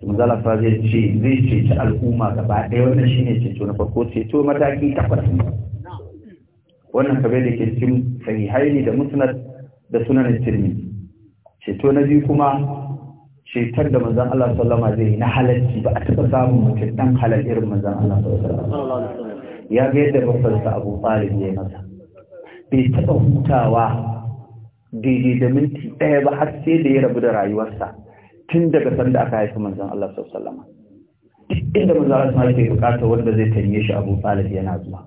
manzala fa zai ce zai ta al'umma gaba ɗaya wannan shine ceto na farko ceto mataki takwas wannan kabe da ke cikin haini da musnad da sunan ce ceto na biyu kuma cetar da manzan Allah sallama zai na halarci ba a taɓa samun mutum ɗan halar irin manzan Allah sallama ya ga yadda mafarsa abu tsarin ya yi masa bai taɓa hutawa daidai da minti ɗaya ba har sai da ya rabu da rayuwarsa tun daga sanda aka haifi manzan Allah sau alaihi duk inda manzan Allah sama alaihi bukata wanda zai tanye shi Abu Talib yana zuwa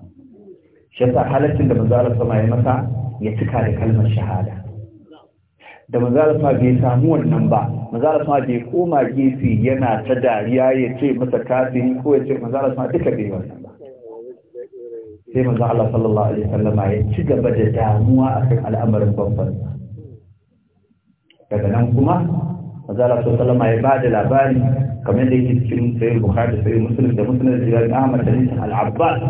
Shasa halaccin da manzan Allah sama ya masa ya cika da kalmar shahada da manzan Allah sama bai samu wannan ba manzan Allah sama bai koma gefe yana ta dariya ya ce masa kafiri ko ya ce manzan Allah sama duka bai wannan ba sai manzan Allah sallallahu alaihi wasallama ya ci gaba da damuwa akan al'amarin babban daga nan kuma mazala su salama ya bada labari kamar da yake cikin sayin bukhari da sayin musulun da musulun da jirgin ahmad da nisan al'abbas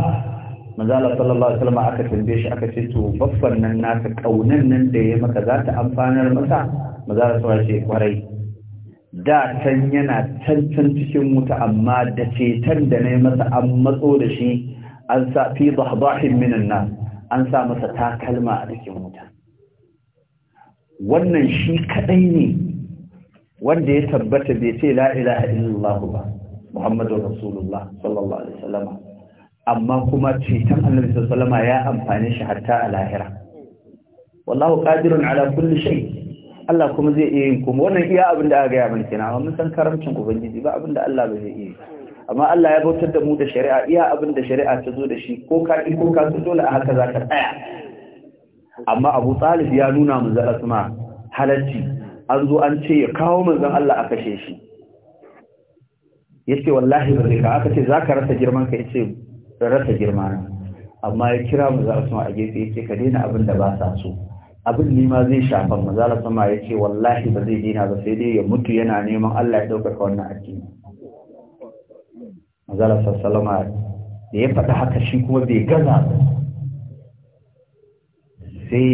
mazala sallallahu alaihi wasallam aka tambaye shi aka ce to babban nan naka kaunan nan da ya maka za ta amfanar masa mazala su ce kwarai da can yana can cikin wuta amma da ceton da na yi masa an matso da shi an sa fi bahbahin minan nan an sa masa takalma a cikin wuta wannan shi kadai ne wanda ya tabbata bai ce la ilaha illallah ba muhammadu rasulullah sallallahu alaihi wasallam amma kuma ceton annabi sallallahu alaihi ya amfane shi hatta a lahira wallahu qadirun ala kulli shay Allah kuma zai iya yin kuma wannan iya abin da aka gaya mana kenan amma mun san karamcin ubangiji ba abin da Allah ba zai iya amma Allah ya bautar da mu da shari'a iya abin da shari'a ta zo da shi ko ka ko ka zo dole a haka zaka tsaya amma Abu Talib ya nuna mu zara halacci an zo an ce ya kawo manzon Allah a kashe shi yace wallahi ba zai ka aka ce zaka rasa girman ka yace rasa girma na amma ya kira manzon Allah a gefe yace ka daina abin da ba sa so abin ne ma zai shafa za Allah sama yace wallahi ba zai dina ba sai dai ya mutu yana neman Allah ya dauka wannan addini manzon Allah sallama da ya faɗa haka shi kuma bai gaza ba sai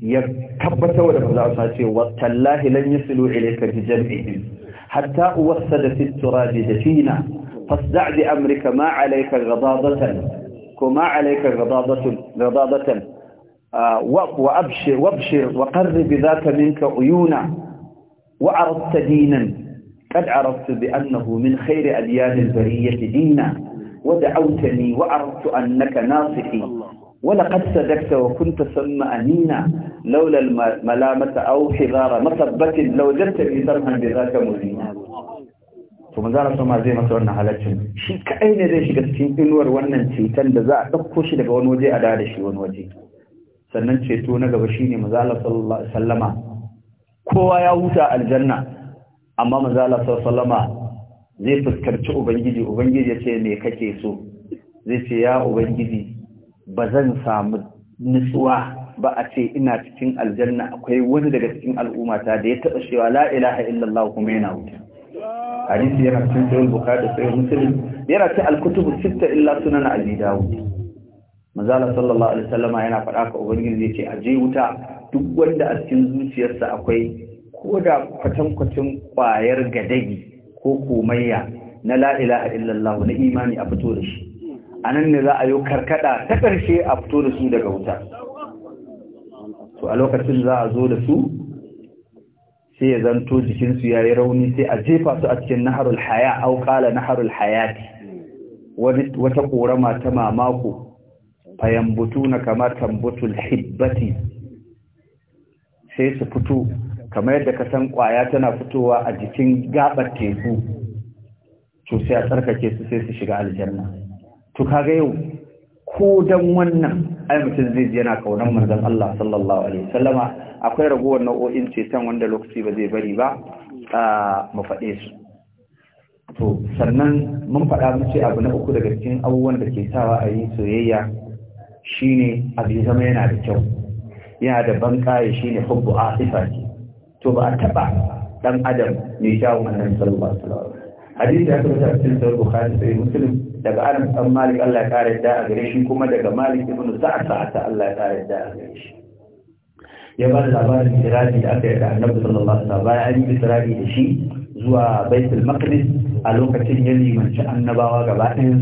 ya tabbatar da manzo Allah ce wa tallahi lan yasilu ilayka bi jam'ihim hatta uwassada fi turab dafina fasda' bi amrika ma alayka ghadabatan kuma alayka ghadabatan ghadabatan wa abshir wabshir wa qarrib dhaka minka uyuna wa aradta dinan قد عرفت بأنه من خير أديان البرية دينا ودعوتني وعرفت أنك ناصحي Wala wa ولقد صدقت وكنت malamata أنينا لولا الملامة أو حذار مصبة لوجدتني za ka مهينا to manzara sama zai masa wannan halaccin shi kaɗai ne zai shiga cikin inuwar wannan ceton da za a ɗauko shi daga wani waje a da shi wani waje sannan ceto na gaba shine ne sallallahu kowa ya huta aljanna amma manzala sallallahu zai fuskarci ubangiji ubangiji ya ce me kake so zai ce ya ubangiji ba zan samu nutsuwa ba a ce ina cikin aljanna akwai wani daga cikin al'ummata da ya taɓa cewa la ilaha illallah kuma yana wuta hadisi yana cikin sayar bukhari da sayar muslim yana cikin al sitta illa suna na dawud manzala sallallahu alaihi wasallama yana faɗa ka ubangiji yace a je wuta duk wanda a cikin zuciyarsa akwai ko da kwatankwacin kwayar gadagi ko komayya na la ilaha illallah na imani a fito da shi a nan ne za a yi karkada ta ƙarshe a fito da su daga wuta to a lokacin za a zo da su sai ya zanto jikinsu ya yi rauni sai a jefa su a cikin naharul haya au kala naharul hayati wata ƙorama ta mamako fayambutu na kamar tambutul hibbati sai su fito kamar yadda ka san ƙwaya tana fitowa a jikin gaɓar teku to sai a tsarkake su sai su shiga aljanna to kaga yau ko dan wannan ai mutum zai ji yana kaunar manzon Allah sallallahu alaihi wasallama akwai ragowar nau'o'in ceton wanda lokaci ba zai bari ba mu faɗe su to sannan mun faɗa mu ce abu na uku daga cikin abubuwan da ke sawa a yi soyayya shine abu zama yana da kyau yana da ban kaye shine hubbu asifa ce to ba a taba dan adam mai kyawun annabi sallallahu alaihi wasallam hadisi ya tabbata cikin sahih bukhari sai muslim daga Anas bin Malik Allah ya kare da a gare shi kuma daga Malik ibn Sa'd ta Allah ya kare da a gare shi ya ba da labarin sirabi da aka yi da Annabi sallallahu alaihi wasallam bayan an yi sirabi da shi zuwa Baitul Maqdis a lokacin ya limanci annabawa gaba ɗayan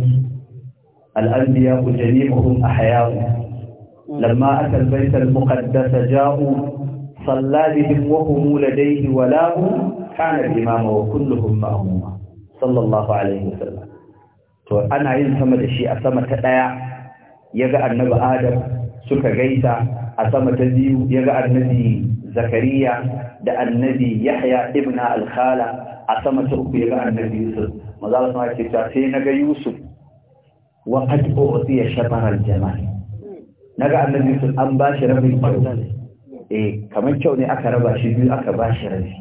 al-anbiya jami'uhum ahya'u لما أتى البيت المقدس جاءوا صلى بهم وهم لديه ولاه كان الإمام وكلهم مأموما صلى الله عليه وسلم to ana yin sama da shi a sama ta ɗaya ya ga annabi adam suka gaisa a sama ta biyu ya ga annabi zakariya da annabi yahya ibn alkhala a sama ta uku ya ga annabi yusuf maza su ce ta sai na ga yusuf wa qad u'tiya shamar al-jamal naga annabi yusuf an ba shi rabin kyau eh kamar kyau ne aka raba shi biyu aka ba shi rabi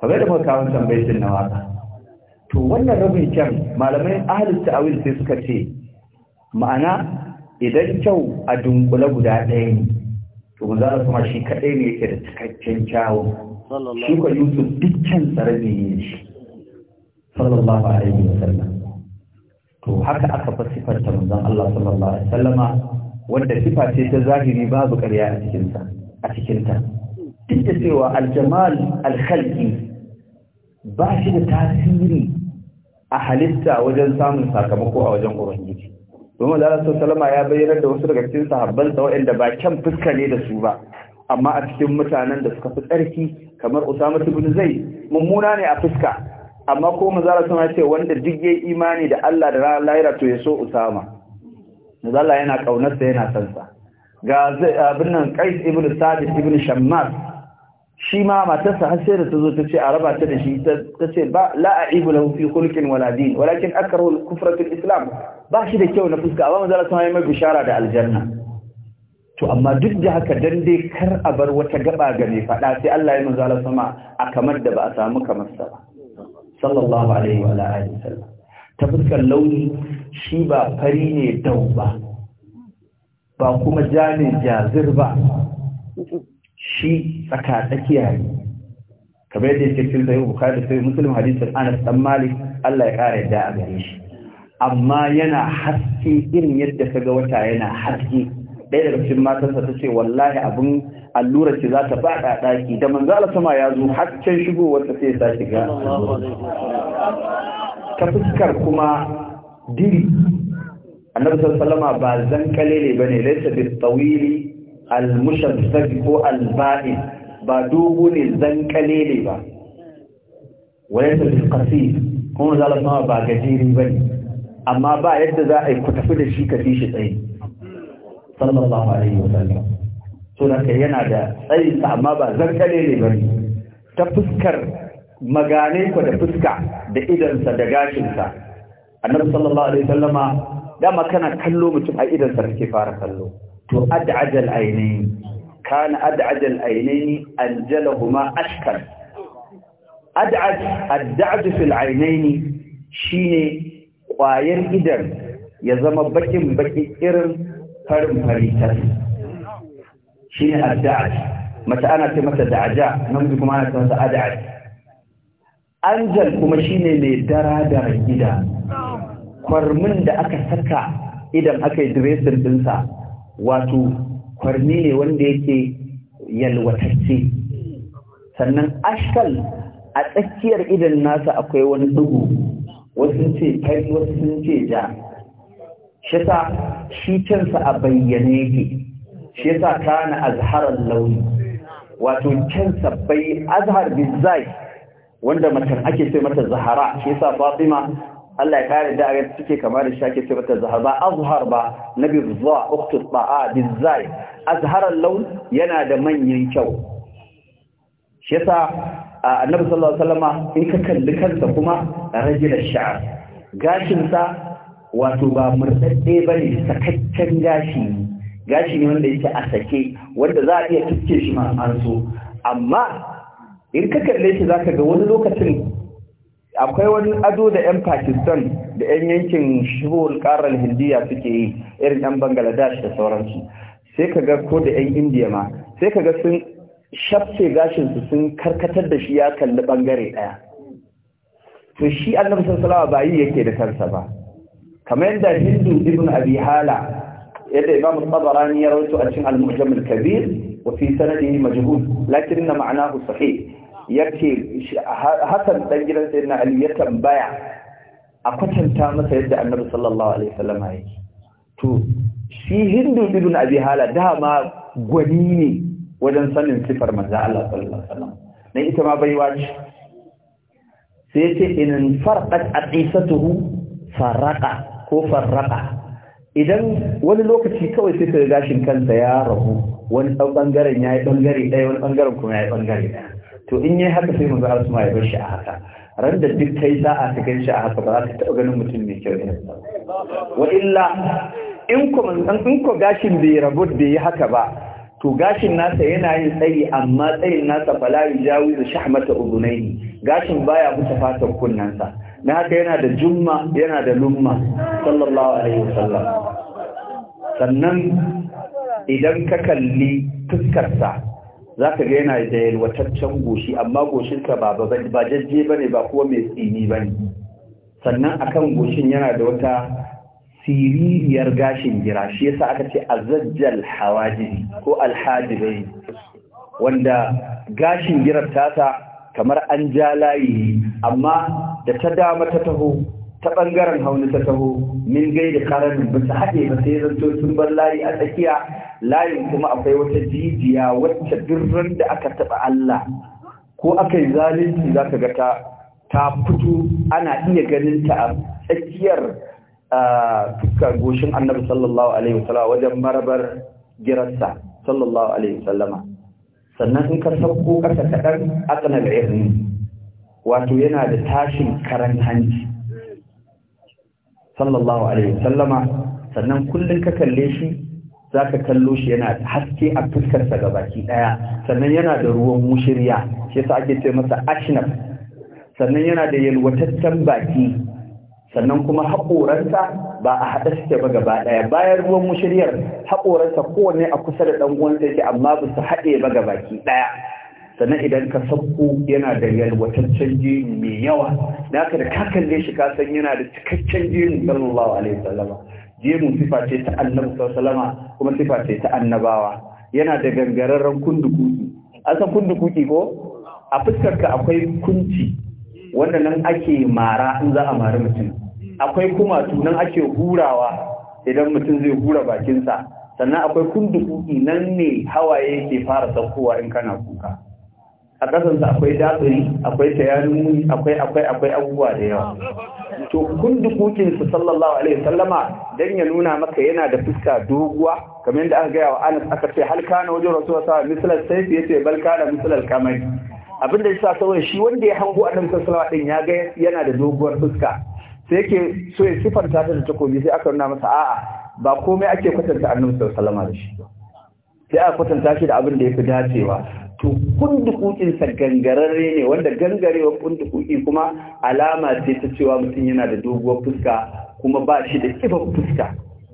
kamar da muka kawo tambayar na waka to wannan rabin kyan malamai ahalin ta'awil sai suka ce ma'ana idan kyau a dunkule guda ɗaya ne to ba za kuma shi kaɗai ne yake da cikakken kyawun shi yi su dukkan tsare ne shi sallallahu alaihi wasallam to haka aka fa sifar ta manzon Allah sallallahu alaihi sallama wanda sifa ce ta zahiri babu ƙarya a cikin sa a cikin ta duk da cewa aljamal alkhalqi ba shi da tasiri a halitta wajen samun sakamako a wajen ubangiji domin da Allah Salama ya bayyana da wasu daga cikin sahabban sa waɗanda ba kyan fuska ne da su ba amma a cikin mutanen da suka fi tsarki kamar Usama ibn Zaid mummuna ne a fuska amma ko zara suna ce wanda duk yayi imani da Allah da ranar lahira to ya so Usama manzala yana kaunar yana san sa ga abin nan Qais ibn Sabit ibn Shammas shi ma matarsa har sai da ta zo ta ce a raba ta da shi ta ce ba la ibu lahu fi khulqin wala din walakin akrahu al-kufra fil islam ba shi da kyau na fuska amma manzo Allah ya mai bishara da aljanna to amma duk da haka dan dai kar a bar wata gaba ga mai fada sai Allah ya manzo Allah sama a kamar da ba a samu kamar sa ba sallallahu alaihi wa alihi wasallam ta fuskar launi shi ba fari ne dau ba ba kuma jani jazir ba shi tsaka tsakiya ne kamar yadda yake cikin sahihu bukhari sai muslim hadisin anas dan malik Allah ya kare da a gare shi amma yana haske irin yadda kaga wata yana haske ɗaya daga cikin matansa ta ce wallahi abun allurar ce za ta faɗa ɗaki da manzo Allah sama ya zo haccen shigowar ta sai ta shiga ta fuskar kuma diri annabi sallallahu alaihi wasallam ba zan kalele bane laysa bi tawili al-mushabbih ko al-ba'in ba dogo ne zankale ne ba wayar da qasir kuma zalama ba ba ne. amma ba yadda za a yi ku tafi da shi ka fi shi tsaye sallallahu alaihi wasallam so na kai yana da tsayin amma ba zankale ne bane ta fuskar magane ku da fuska da idansa da gashinsa annabi sallallahu alaihi wasallama dama kana kallo mutum a idansa ke fara kallo to ad'ajal ainihi kana ad'ajal ainihi anjalahuma ashkal ad'aj ad'aj fil ainihi shine ƙwayar idan ya zama bakin baki irin farin faritar shine ad'aj mata ana ce mata da'aja namiji kuma ana ce mata ad'aj anjal kuma shine mai dara da gida kwarmin da aka saka idan aka yi diresin dinsa wato kwarni ne wanda yake yalwatacce sannan ashkal a tsakiyar idan nasa akwai wani dugu wasu ce kai wasu sun ce ja shi yasa shi cinsa a bayyane yake shi yasa kana azharar launi wato cinsa bai azhar bizai wanda macen ake ce mata zahara shi yasa fatima Allah ya kare da ga suke kama da shake ce bata zahar ba azhar ba nabi zuwa uktus ba'a bizai azharar laun yana da manyan kyau shi yasa annabi sallallahu alaihi in ka kalli kansa kuma rajul sha'r gashin sa wato ba murdadde bane sakaccen gashi gashi ne wanda yake a sake wanda za a iya tukke shi ma an so amma in ka kalle shi zaka ga wani lokacin akwai wani ado da 'yan pakistan da 'yan yankin shibuwar karar hindiya suke yi irin 'yan bangladesh da sauransu sai ka ga ko da 'yan indiya ma sai ka ga sun shafce gashinsu sun karkatar da shi ya kalli bangare ɗaya to shi annabi sallallahu ba yi yake da kansa ba kamar yadda hindu ibn abi hala yadda imam tabarani ya rawaito a cikin al-mu'jam al-kabir wa fi sanadihi majhul lakinna ma'anahu sahih yake hasan dan gidan na ali ya tambaya a kwatanta masa yadda annabi sallallahu alaihi wasallam yake to shi hindu ibn abi hala dama gwani ne wajen sanin sifar manzo Allah sallallahu alaihi wasallam dan ita ma baiwa ce sai ce in farqat aqisatuhu farqa ko farqa idan wani lokaci kawai sai ta gashin kansa ya rahu wani bangaren yayi bangare ɗaya wani bangaren kuma yi bangare ɗaya to in yi haka sai manzo Allah ya bar shi a haka ran da duk kai a ta shi a haka ba za ka taɓa ganin mutum mai kyau ne wa illa in ko in ko gashin bai rabu da yi haka ba to gashin nasa yana yin tsayi amma tsayin nasa fala yujawi da shahmata udunaini gashin baya wuce fatan kunnansa na haka yana da jumma yana da lumma sallallahu alaihi wasallam sannan idan ka kalli fuskarsa za ka ga yana da yalwataccen goshi amma goshinsa ba ba jajje ba ne ba kuma mai tsini ba ne sannan akan goshin yana da wata siririyar gashin gira shi yasa aka ce azajjal hawajibi ko alhajibai wanda gashin girar tasa kamar an ja layi amma da ta dama ta taho ta ɓangaren hauni ta taho min gai da karar ba su haɗe ba sai zanto sun bar layi a tsakiya layin kuma akwai wata jijiya wacce durran da aka taɓa Allah ko aka yi zalunci za ka ga ta ta fito ana iya ganin ta a tsakiyar fuskar goshin annabi sallallahu alaihi wasallam wajen marabar girarsa sallallahu alaihi wasallama sannan in ka sauko ƙasa kaɗan asanar irin wato yana da tashin karan hanci sallallahu alaihi sallama sannan kullum ka kalle shi za ka kallo shi yana haske a fuskarsa ga baki ɗaya sannan yana da ruwan mushirya shi yasa ake ce masa ashnaf sannan yana da yalwataccen baki sannan kuma haƙoransa ba a haɗa suke ba gaba ɗaya bayan ruwan mushiryar haƙoransa kowanne a kusa da ɗan uwansa yake amma ba su haɗe ba ki ɗaya sannan idan ka sauko yana da yalwataccen jini mai yawa da aka da ka kalle shi kasan yana da cikakken jini sallallahu alaihi wasallama jemu sifa ce ta annabi sallallahu kuma sifa ce ta annabawa yana da gangararren kundukuki an san kundukuki ko a fuskar ka akwai kunci wanda nan ake mara in za a mari mutum akwai kuma tunan ake hurawa idan mutum zai hura bakinsa sannan akwai kuki nan ne hawaye ke fara saukowa in kana kuka a ƙasansa akwai datsiri akwai tayarin akwai akwai akwai abubuwa da yawa to kundukukin su sallallahu alaihi sallama dan ya nuna maka yana da fuska doguwa kamar yadda aka gaya wa Anas aka ce hal kana wajen rasuwa sa misalan sayfi yace bal kana Abin da abinda yasa saboda shi wanda ya hango annabi sallallahu alaihi din ya ga yana da doguwar fuska sai yake so ya sifanta ta da takobi sai aka nuna masa a'a ba komai ake kwatanta annabi sallallahu alaihi da shi sai aka kwatanta shi da abin da ya fi dacewa to kundukukin sa gangararre ne wanda gangarewar kundukuki kuma alama ce ta cewa mutum yana da doguwar fuska kuma ba shi da kifar fuska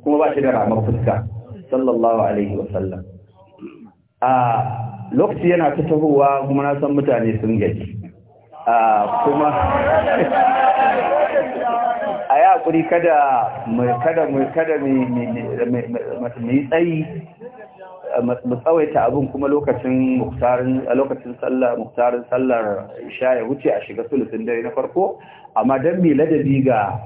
kuma ba shi da ramar fuska sallallahu alaihi wa sallam a lokaci yana ta tahowa kuma na san mutane sun gaji a kuma a yi hakuri kada kada kada mai tsayi mu tsawaita abin kuma lokacin muktarin lokacin sallar muktarin sallar isha ya wuce a shiga sulusin dare na farko amma dan bi ladabi ga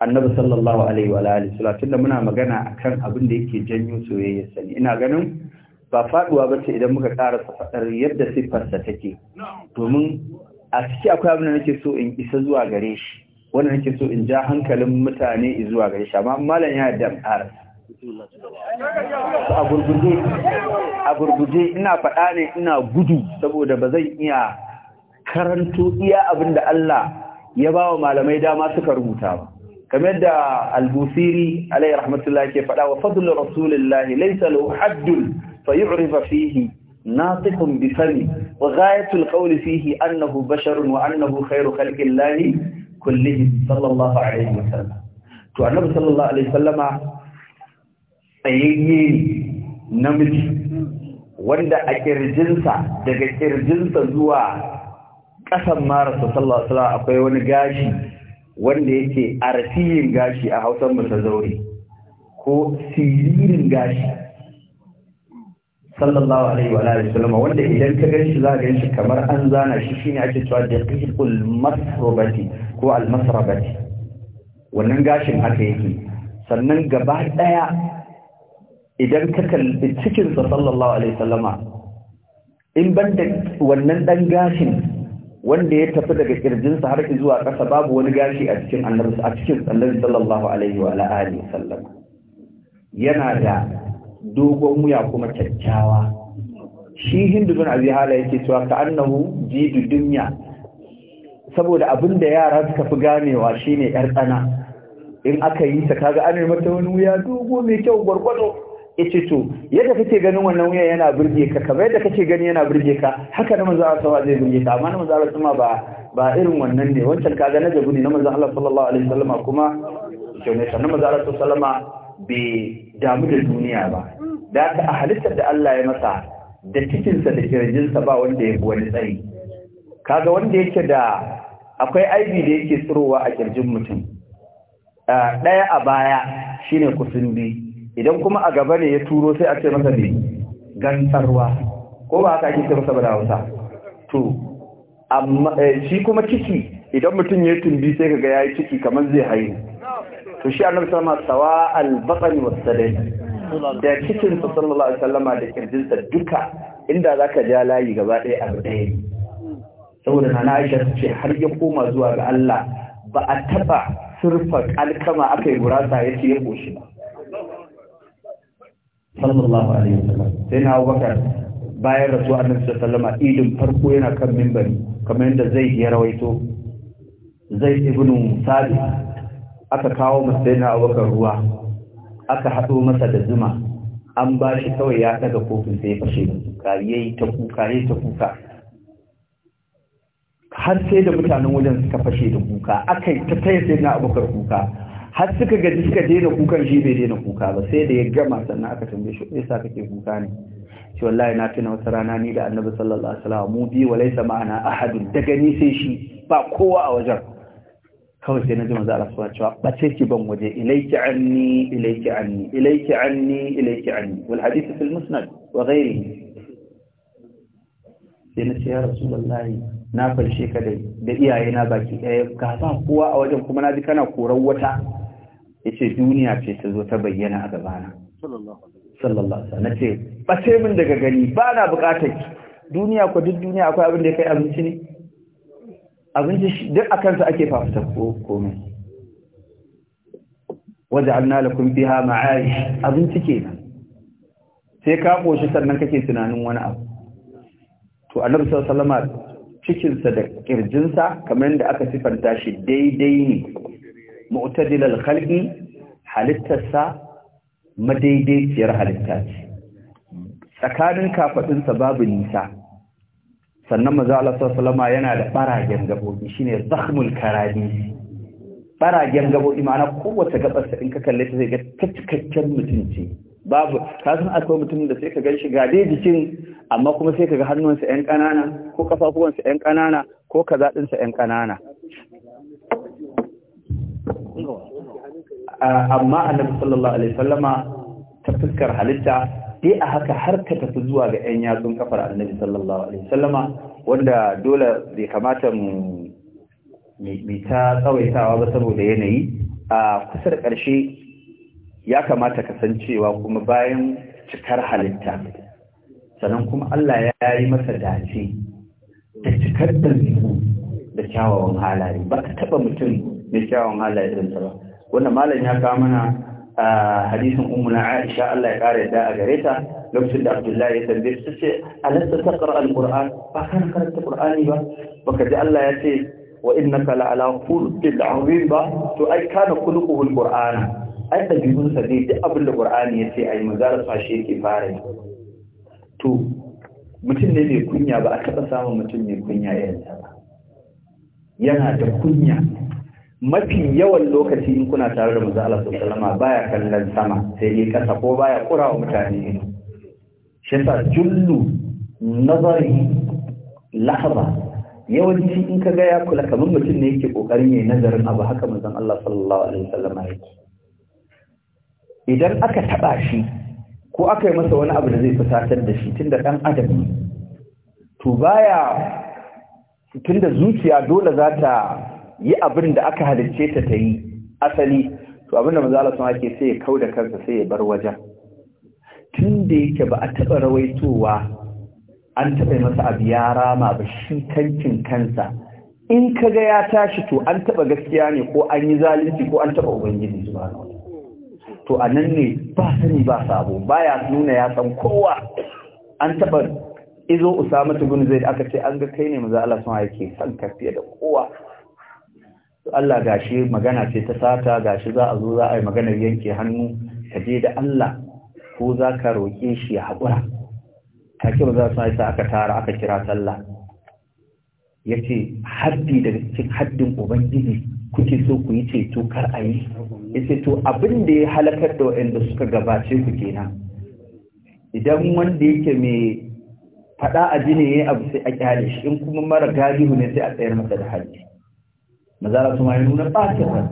annabi sallallahu alaihi wa alihi sallallahu da muna magana akan abin da yake janyo soyayya sani ina ganin ba faduwa ce idan muka ƙara faɗar yadda siffarsa take domin a ciki akwai abin da nake so in isa zuwa gare shi wannan nake so in ja hankalin mutane zuwa gare shi amma malam ya yarda in ƙarasa a gurguje ina faɗa ne ina gudu saboda ba zan iya karanto iya abin da Allah ya ba wa malamai dama suka rubuta ba kamar da albusiri alayhi ke faɗa wa fadlu rasulillahi laysa lahu haddun fayu'rifa fihi ناطق بفمه وغاية القول فيه أنه بشر وأنه خير خلق الله كله صلى الله عليه وسلم تو النبي صلى الله عليه وسلم tsayayye namiji wanda a ƙirjinsa daga ƙirjinsa zuwa ƙasan marasa sallallahu alaihi akwai wani gashi wanda yake arfiyin gashi a hausar masa zaure ko siririn gashi sallallahu alaihi wa alaihi wasallam wanda idan ka ganshi za ka ganshi kamar an zana shi shine ake cewa daqiqul masrabati ko al masrabati wannan gashin haka yake sannan gaba daya idan ka kalli cikinsa sallallahu alaihi sallama in ban da wannan ɗan gashin wanda ya tafi daga ƙirjinsa har zuwa ƙasa babu wani gashi a cikin annabi a cikin annabi sallallahu alaihi wa alihi sallam yana da dogon wuya kuma kyakkyawa shi hindu bin abi hala yake cewa ka annahu jidu dunya saboda abin da yara suka fi ganewa shine yar tsana in aka yi ta kaga an mata wani wuya dogo mai kyau gwargwado yace to yadda kake ganin wannan wuya yana burge ka kamar yadda kake gani yana burge ka haka na manzo Allah sallallahu alaihi burge ka amma na manzo Allah ba ba irin wannan ne wancan kaga na jabu ne na manzo Allah sallallahu alaihi wasallama kuma jaune ta na manzo Allah sallallahu alaihi bai damu da duniya ba da ka a halittar da Allah ya masa da sa da kirjinsa ba wanda ya wani tsari kaga wanda yake da akwai aibi da yake tsirowa a kirjin mutum ah, ɗaya a baya shine kusurbi idan kuma a gaba ne ya turo sai a ce masa ne gansarwa. ko ba haka ake ce masa ba da hausa to amma eh, shi kuma ciki idan mutum ya tumbi sai kaga yayi ciki kamar zai haihu to shi annabi sallallahu alaihi sawa al-batn was da cikin sa sallallahu alaihi wasallama da kirjin sa duka inda zaka ja layi gaba ɗaya a ɗaya saboda nana Aisha ce har ya koma zuwa ga Allah ba a taba surfa alkama akai gurasa yace ya koshi ba sallallahu alaihi wasallam sai na abubakar bayan rasu annabi sallallahu alaihi idin farko yana kan mimbari kamar yadda zai ya rawaito zai ibnu sabi aka kawo masa sai na abubakar ruwa aka haɗo masa da zuma an ba shi kawai ya daga kofin sai ya fashe da kuka ta kuka yayi ta kuka har sai da mutanen wajen suka fashe da kuka aka yi ta taya sai na abubakar kuka har suka gaji suka daina kukan shi bai daina kuka ba sai da ya gama sannan aka tambaye shi yasa kake kuka ne shi wallahi na tuna wata rana ni da annabi sallallahu alaihi wasallam mu bi walaysa ma'ana ahadun daga ni sai shi ba kowa a wajen kawai sai na ji manzo Allah subhanahu cewa bace ki ban waje ilayki anni ilayki anni ilayki anni ilayki anni wal hadith fil musnad wa ghayrihi sai na ce ya rasulullahi na farshe ka da iyayena baki ɗaya ka ba kowa a wajen kuma na ji kana korar wata yace duniya ce ta zo ta bayyana a gabana sallallahu alaihi wasallam ce bace min daga gani ba na bukatar duniya ko duk duniya akwai abin da kai abinci ne abinci duk akan sa ake fafuta ko komai waja'alna lakum fiha ma'ayish abinci kenan sai ka koshi sannan kake tunanin wani abu to annabi sallallahu alaihi wasallam cikinsa da ƙirjinsa kamar yadda aka sifanta shi daidai ne mu'tadilal khalqi halittarsa madaidaiciyar halitta ce tsakanin kafadinsa babu nisa sannan maza Allah sallallahu yana da baragen gabobi shine zakhmul karani baragen gabobi ma'ana kowace gabar sa in ka kalle ta zai ga cikakken mutunci babu ka san akwai mutum da sai ka ganshi ga dai jikin amma kuma sai ka ga hannunsa yan kanana ko kafafuwansa yan kanana ko kaza ɗinsa yan ƙanana. Ah, amma annabi sallallahu alaihi sallama ta fuskar halitta dai a haka har ka tafi zuwa ga 'yan yatsun kafar annabi sallallahu alaihi sallama wanda dole bai kamata mu mai ta tsawaitawa ba saboda yanayi a ah, kusur ƙarshe ya kamata kasancewa kuma bayan cikar halitta sannan kuma Allah ya yi masa dace da cikar da da kyawawan halaye ba ka taɓa mutum mai kyawawan halaye da ba wanda malam ya kawo mana hadisin ummu Aisha Allah ya kare da a gare ta lokacin da Abdullahi ya tambaye su ce alasta taqra alquran ba kana karanta qur'ani ba baka ji Allah ya ce wa innaka la ala khuluqin azim ba to ai kana khuluquhu alquran ai dabi'un sa ne duk abin da qur'ani ya ce ai manzara sa shi yake fara to mutum ne mai kunya ba a taba samun mutum mai kunya irin ba yana da kunya mafi yawan lokaci in kuna tare da manzo Allah sallallahu alaihi wasallam baya kallon sama sai dai kasa ko baya kura wa mutane ido shi yasa jullu nazari lahaba yawanci in ka ga ya kula kamar mutum ne yake kokarin yayin nazarin abu haka manzon Allah sallallahu alaihi wasallam yake idan aka taba shi ko aka yi masa wani abu da zai fusatar da shi tunda dan adam to baya tunda zuciya dole za ta yi abin da aka halicce ta ta yi asali to abin da manzo sun ake sai ya kau da kansa sai ya bar wajen tun da yake ba a taɓa rawaitowa an taɓa masa abu ya rama ba shi kansa in ka ga ya tashi to an taɓa gaskiya ne ko an yi zalunci ko an taɓa ubangiji subhanahu to a nan ne ba sani ba sabo baya nuna ya san kowa an taɓa izo usama bin zai aka ce an ga kai ne maza Allah sun haike san ka fiye da kowa Allah gashi magana ce ta sata gashi za a zo za a yi maganar yanke hannu ka je da Allah ko za ka roƙe shi ya haƙura take ba za su haisa aka tara aka kira sallah ya ce haddi daga cikin haddin ubangiji kuke so ku yi ceto kar a yi ya ce to abin da ya halakar da waɗanda suka gabace ku kenan idan wanda yake mai faɗa a jini ya abu sai a kyale shi in kuma mara galihu ne sai a tsayar masa da haddi mazara su mai nuna ɓacin rai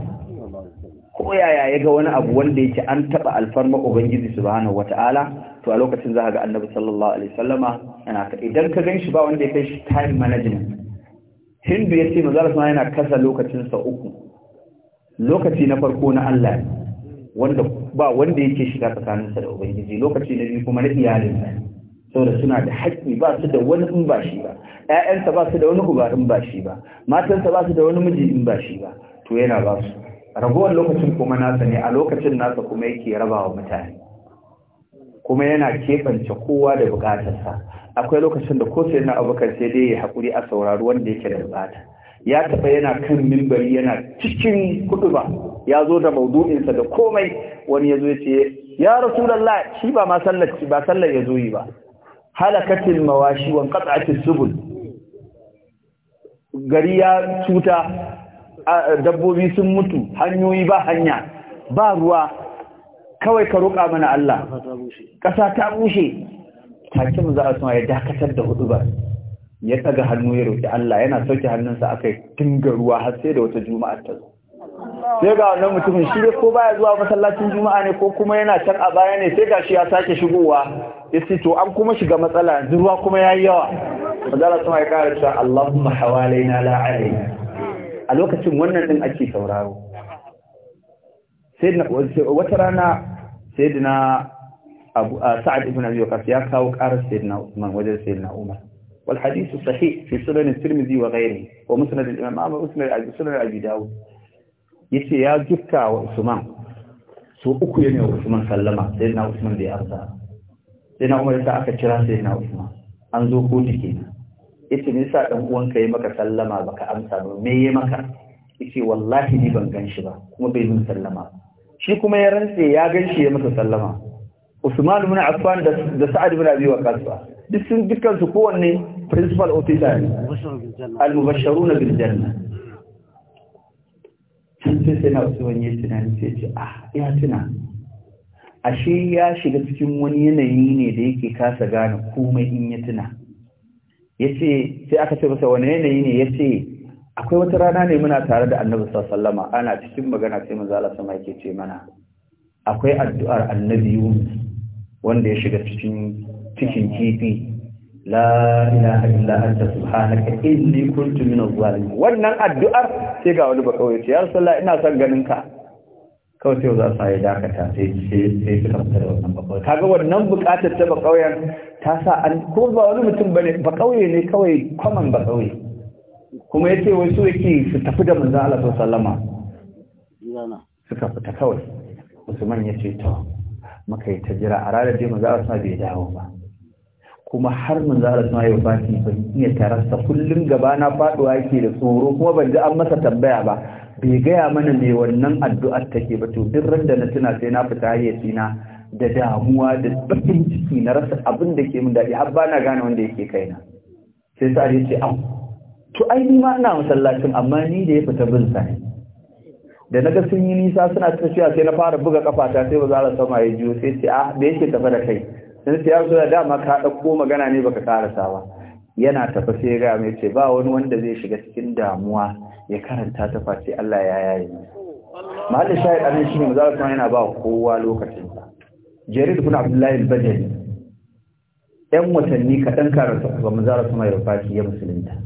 ko yaya ya ga wani abu wanda yake an taɓa alfarma ubangiji subhanahu wata'ala to a lokacin za ga annabi sallallahu alaihi wasallama yana ka idan ka gan shi ba wanda ya kai shi time management hindu ya ce mazara su yana kasa lokacinsa uku lokaci na farko na Allah wanda ba wanda yake shiga tsakaninsa da ubangiji lokaci na biyu kuma na iyalinsa saboda suna da haƙƙi ba su da wani in ba shi ba ƴaƴansa ba su da wani uba in ba shi ba matansa ba su da wani miji in ba shi ba to yana ba su ragowar lokacin kuma nasa ne a lokacin nasa kuma yake rabawa mutane kuma yana keɓance kowa da buƙatarsa akwai lokacin da ko sai na abokan sai dai ya haƙuri a saurari wanda yake da buƙata ya taɓa yana kan mimbari yana cikin kuɗu ba ya zo da maudu'insa da komai wani ya zo ya ce ya rasu shi ba ma sallar ba sallar ya zo yi ba Halakacin mawashi wa qat'atis subul gari ya cuta dabbobi sun mutu hanyoyi ba hanya ba ruwa kawai ka roƙa mana Allah ƙasa ta bushe take mu za a tsaya ya dakatar da hudu ba ya tsaga hannu ya roƙi Allah yana sauke hannunsa akai tinga ruwa har sai da wata juma'a ta zo sai ga wannan mutumin shi ko baya zuwa masallacin juma'a ne ko kuma yana can a baya ne sai ga shi ya sake shigowa ya ce to an kuma shiga matsala yanzu ruwa kuma yayi yawa manzala sun haika da cewa Allahumma hawalaina la alai a lokacin wannan din ake sauraro sayyidina wata rana sayyidina abu sa'ad ibn abi waqas ya kawo karar sayyidina Usman wajen sayyidina Umar wal والحديث صحيح في سنن الترمذي وغيره ومسند الإمام أحمد ومسند أبي داود yace ya jikka wa Usman so uku yana wa Usman sallama sai na Usman bai arsa sai na Umar sai aka kira sai na Usman an zo ko kenan yace me sa dan uwanka yayi maka sallama baka amsa ba me yayi maka yace wallahi ni ban ganshi ba kuma bai min sallama shi kuma ya rantse ya ganshi ya masa sallama Usman ibn Affan da Sa'ad ibn Abi Waqqas duk sun dukkan su kowanne principal officer ne al-mubashshiruna bil janna tun sai sai na wani ya tunani sai ce ah ya tuna ashe ya shiga cikin wani yanayi ne da yake kasa gane komai in ya tuna ya ce sai aka ce masa wani yanayi ne ya ce akwai wata rana ne muna tare da annabi sallama ana cikin magana sai manzo Allah sama yake ce mana akwai addu'ar annabi Yunus wanda ya shiga cikin cikin kifi la ilaha illa anta subhanaka inni kuntu min adh wannan addu'ar sai ga wani bakawai ya rasulullah ina son ganin ka kawai sai za su yi dakata sai sai suka fita da wannan bako kaga wannan bukatar ta bakawai ta sa an ko ba wani mutum bane bakawai ne kawai kwaman bakawai kuma yace wai su yake su tafi da manzo Allah sallama suka fita kawai Usman yace to makai yi ta jira a ranar da manzo Allah bai dawo ba kuma har mun zara suna yau ba shi ban iya tarasta kullum gaba na faduwa yake da tsoro kuma ban ji an masa tambaya ba bai gaya mana me wannan addu'ar take ba to duk randa na tuna sai na fita hayyaci na da damuwa da bakin ciki na rasa abin da ke min daɗi har ba na gane wanda yake kaina sai sa ya ce a, to ai ni ma ina masallacin amma ni da ya fita bin sa ne da na ga sun yi nisa suna tafiya sai na fara buga kafata sai ba za sama ya jiyo sai ce a, ah, da yake tafa da kai sun ya rasu da dama ka ɗauko magana ne baka karasa ba yana tafi sai gaya mai ce ba wani wanda zai shiga cikin damuwa ya karanta ta face Allah ya yaye mahallin shahid abin shi ne mazara kuma yana ba kowa lokacin sa jerid kuna abdullahi al yan ɗan watanni kaɗan karanta ba mazara kuma ya fashi ya musulunta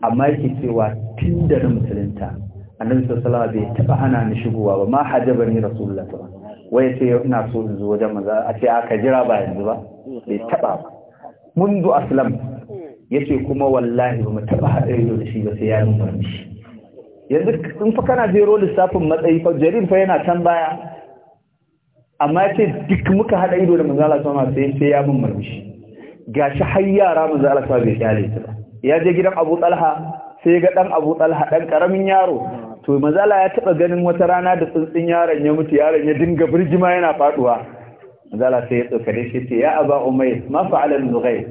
amma yake cewa tun da na musulunta annabi sallallahu alaihi wasallam bai taɓa hana ni shigowa ba ma hajaba ni rasulullahi sallallahu wai ce ina so su zo wajen maza a ce aka jira ba yanzu ba bai taba ba mundu aslam yace kuma wallahi ba mu taba haɗa ido da shi ba sai ya yi murmushi yanzu in fa kana jero lissafin matsayi fa jarin fa yana can baya amma yace duk muka haɗa ido da manzo Allah sama sai sai ya mun murmushi gashi har yara manzo Allah sama bai kyale ta ba ya je gidan Abu Talha sai ga dan Abu Talha dan karamin yaro to mazala ya taba ganin wata rana da tsuntsun yaron ya mutu yaron ya dinga birgima yana faduwa mazala sai ya tsokare shi ce ya aba umayr ma fa'ala an-nughay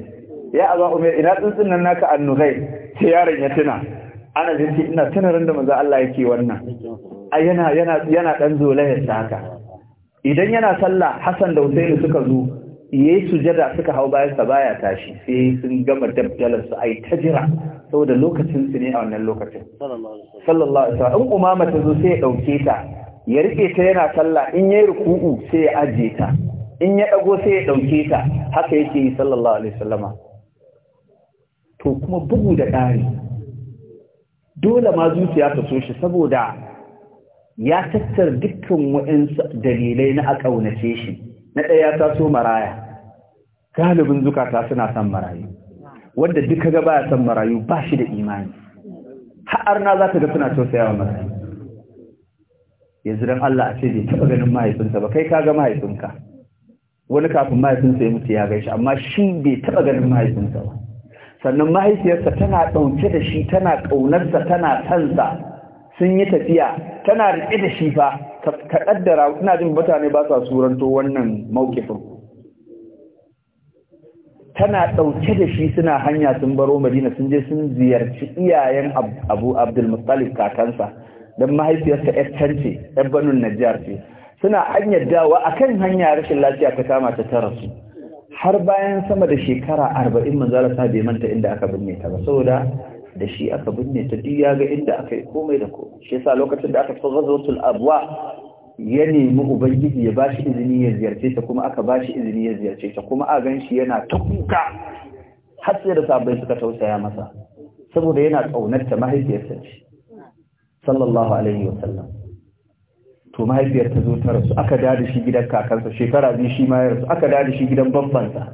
ya aba umayr ina tsuntsun nan naka an-nughay sai yaron ya tuna ana jin ina tuna randa da manzo Allah yake wannan ai yana yana yana dan zolayar haka idan yana sallah Hassan da Usaini suka zo yayi sujada suka hau bayan sa baya tashi sai sun gama dabdalar su ai ta jira saboda lokacin su ne a wannan lokacin sallallahu alaihi wasallam in umama ta zo sai ya dauke ta ya rike ta yana sallah in yayi ruku'u sai ya aje ta in ya dago sai ya dauke ta haka yake yi sallallahu alaihi wasallama to kuma bugu da ƙari dole ma zuciya ta so shi saboda ya tattar dukkan wa'ansu dalilai na a ƙaunace shi na ɗaya ta so maraya galibin zukata suna son marayu wanda duka ga baya son marayu ba shi da imani har na za ta ga suna tausayawa marayu yanzu don Allah a ce bai taɓa ganin mahaifinsa ba kai ka ga mahaifinka wani kafin mahaifinsa ya mutu ya gaishe amma shi bai taɓa ganin mahaifinsa ba sannan mahaifiyarsa tana ɗauke da shi tana ƙaunarsa tana sansa sun yi tafiya tana riƙe da shi fa ka kaddara ina jin mutane ba sa suranto wannan mawkifin tana dauke da shi suna hanya sun baro Madina sun je sun ziyarci iyayen Abu Abdul Muttalib kakansa dan mahaifiyarsa yar tance yar banun Najjar ce suna hanyar dawa akan hanya rashin lafiya ta kama ta tara su har bayan sama da shekara 40 manzala sa bai manta inda aka binne ta ba saboda da shi aka binne ta duk ya ga inda aka yi komai da komai shi yasa lokacin da aka tafi ghazwatul abuwa ya nemi ubangiji ya bashi izini ya ziyarce ta kuma aka bashi izini ya ziyarce ta kuma a gan shi yana ta kuka har sai da sabai suka tausaya masa saboda yana kaunar ta mahaifiyarsa ce sallallahu alaihi wa sallam to mahaifiyar ta zo ta rasu aka dada shi gidan kakansa shekara biyu shi ma ya rasu aka dada shi gidan babbansa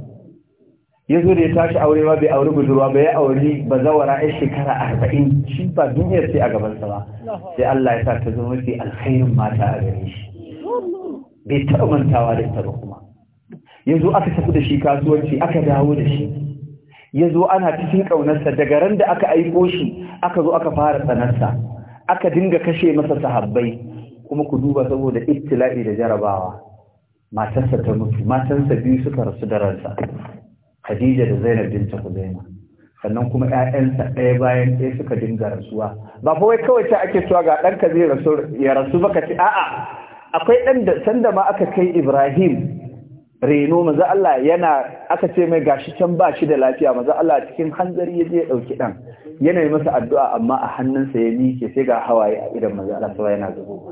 ya zo da ya tashi aure ma bai auri budurwa ba ya aure ba zawara ya shekara arba'in shi ba duniyar sai a gabansa ba sai Allah ya sa ta zama mafi alkhairin mata a gare shi bai taɓa mantawa da ita ba kuma ya zo aka tafi da shi kasuwanci aka dawo da shi ya zo ana cikin ƙaunarsa daga ran da aka aiko shi aka zo aka fara tsanarsa aka dinga kashe masa sahabbai kuma ku duba saboda ibtila'i da jarabawa matarsa ta mutu matansa biyu suka rasu da ransa Khadija da Zainab binta Khuzaima sannan kuma ƴaƴansa ɗaya bayan ɗaya suka dinga rasuwa ba fa wai kawai ta ake cewa ga ɗanka zai rasu ya rasu baka ce a'a akwai ɗan da sanda ma aka kai Ibrahim reno maza Allah yana aka ce mai gashi can ba shi da lafiya Maza Allah cikin hanzari ya je dauki dan yana yi masa addu'a amma a hannunsa ya mike sai ga hawaye a idan maza Allah sai yana zubo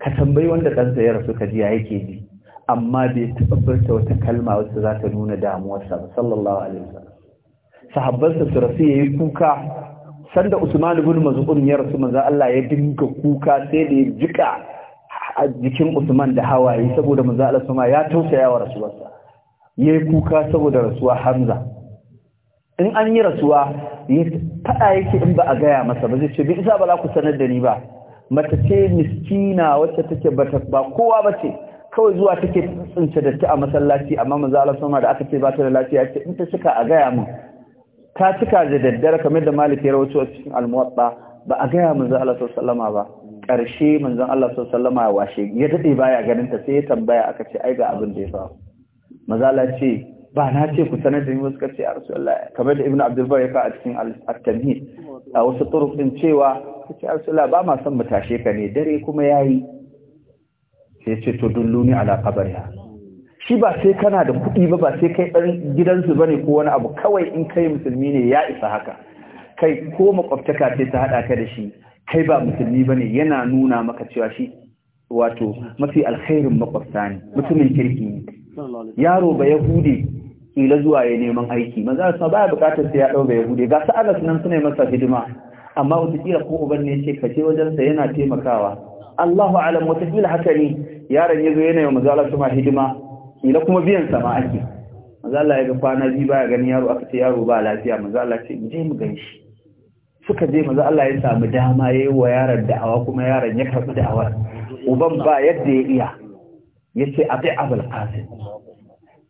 ka tambayi wanda ɗansa ya rasu ka ji yake ji amma bai taɓa furta wata kalma wacce za ta nuna damuwarsa ba sallallahu alaihi Sahabban sahabbansa su rasu yayi kuka sanda Usman ibn Maz'un ya rasu manzo Allah ya dinga kuka sai da ya jika a jikin Usman da hawaye saboda manzo Allah sama ya tausaya wa rasuwarsa yayi kuka saboda rasuwa Hamza in an yi rasuwa ya fada yake in ba a gaya masa ba zai ce bi isa ba za ku sanar da ni ba mata ce miskina wacce take ba kowa ba ce kawai zuwa take tsince datti a masallaci amma manzo Allah sama da aka ce ba ta da lafiya ce in ta cika a gaya mu ta cika da daddare kamar da Malik ya rawaito a cikin al-Muwatta ba a gaya manzo Allah sallama ba karshe manzo Allah alaihi ya washe ya dade baya ganin ta sai ya tambaya aka ce ai ga abin da ya faru manzo Allah ce ba na ce ku sanar da ni wasu kace a Rasulullah kamar da Ibn Abdul Bar ya ka a cikin al tamhid a wasu turuq din cewa kace a Rasulullah ba ma son mu tashe ka ne dare kuma yayi sai ce to dulluni ala qabriha shi ba sai kana da kuɗi ba ba sai kai ɗan gidansu bane ko wani abu kawai in kai musulmi ne ya isa haka kai ko makwabtaka ce ta haɗa ka da shi kai ba musulmi bane yana nuna maka cewa shi wato mafi alkhairin makwabta ne mutumin kirki ne yaro ba hude. ila zuwa ya neman aiki maza sa baya bukatar sai ya ɗau ba yahudi ga su anas nan suna masa hidima amma wata kila ko uban ne ce ka wajen wajensa yana taimakawa Allahu alam wataƙila haka ne yaron ya zo yana yi mazala ma hidima kila kuma biyan sama ake Maza Allah ya ga kwana biyu baya ganin yaro aka ce yaro ba lafiya Maza Allah ce je mu gan shi suka je maza Allah ya samu dama ya yi wa yaron da'awa kuma yaron ya karɓi da'awar uban ba yadda ya iya ya ce abi abul qasim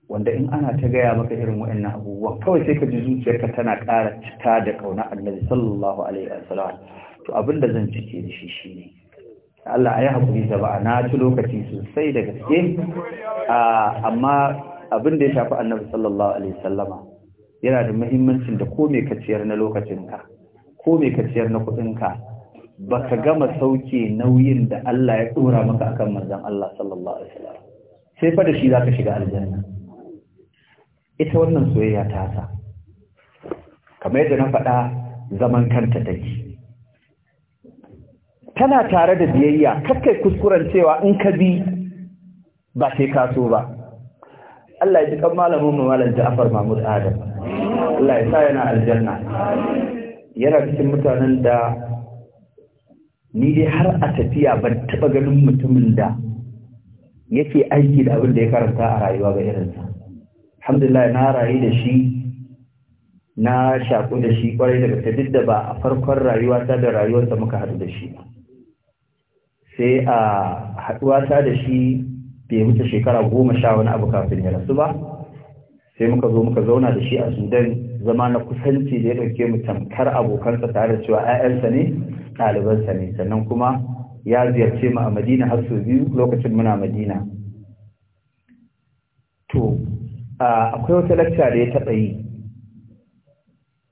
wanda in ana ta gaya maka irin wa'annan abubuwan kawai sai ka ji zuciyarka tana ƙara cika da ƙauna annabi sallallahu alaihi wasallam to abin da zan cike da shi shine Allah a yi haƙuri da ba na ci lokaci sosai da gaske amma abin da ya shafi annabi sallallahu alaihi sallama yana da muhimmancin da ko mai kaciyar na lokacinka ko mai kaciyar na kuɗinka ba ka gama sauke nauyin da Allah ya tsora maka akan manzan Allah sallallahu alaihi sallam sai fa da shi za ka shiga aljanna ita wannan soyayya ta sa kamar yadda na faɗa zaman kanta take tana tare da biyayya kakkai kuskuren cewa in ka bi ba sai ka so ba Allah ya ji kan malamin mu malam Ja'far Mahmud Adam Allah ya sa yana aljanna yana cikin mutanen da ni dai har a tafiya ban taba ganin mutumin da yake aiki da abin da ya karanta a rayuwa ga irinsa alhamdulillah na rayu da shi na shaku da shi kwarai daga ta duk da ba a farkon rayuwa ta da rayuwarsa muka haɗu da shi sai a haɗuwa ta da shi bai wuce shekara goma sha wani abu kafin ya rasu ba sai muka zo muka zauna da shi a sudan zama na kusanci da ya ɗauke mu tamkar abokansa tare da cewa 'ya'yansa ne ɗalibansa ne sannan kuma ya ziyarce mu a madina har sau biyu lokacin muna madina to akwai wata lacca da ya taɓa yi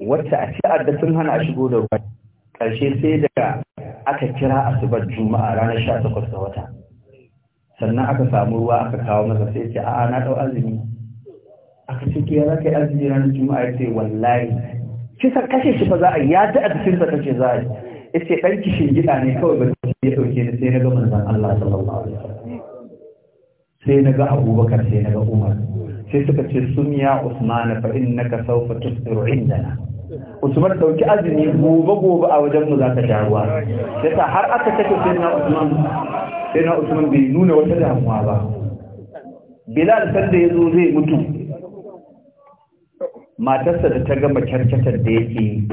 wacce a ce adda hana a shigo da ruwa ƙarshe sai daga aka kira asubar juma'a ranar sha takwas ga wata sannan aka samu ruwa aka kawo masa sai ce a'a na ɗau azumi aka ce ke za ka yi azumi ranar juma'a ya ce wallahi kisa kashe shi fa za a ya ji a cikin sa kashe za a yi ya ce ɗan kishin gida ne kawai ba ya ɗauke ni sai na ga manzon Allah sallallahu alaihi wasallam sai na ga Abubakar sai na ga Umar sai suka ce sun ya Usman fa innaka sawfa tusdiru indana usman dauki azumi gobe gobe a wajen mu zaka sha ruwa yasa har aka take sai na usman sai na usman bai nuna wata damuwa ba bilal sanda yazo zai mutu matarsa da ta gama kyarkyatar da yake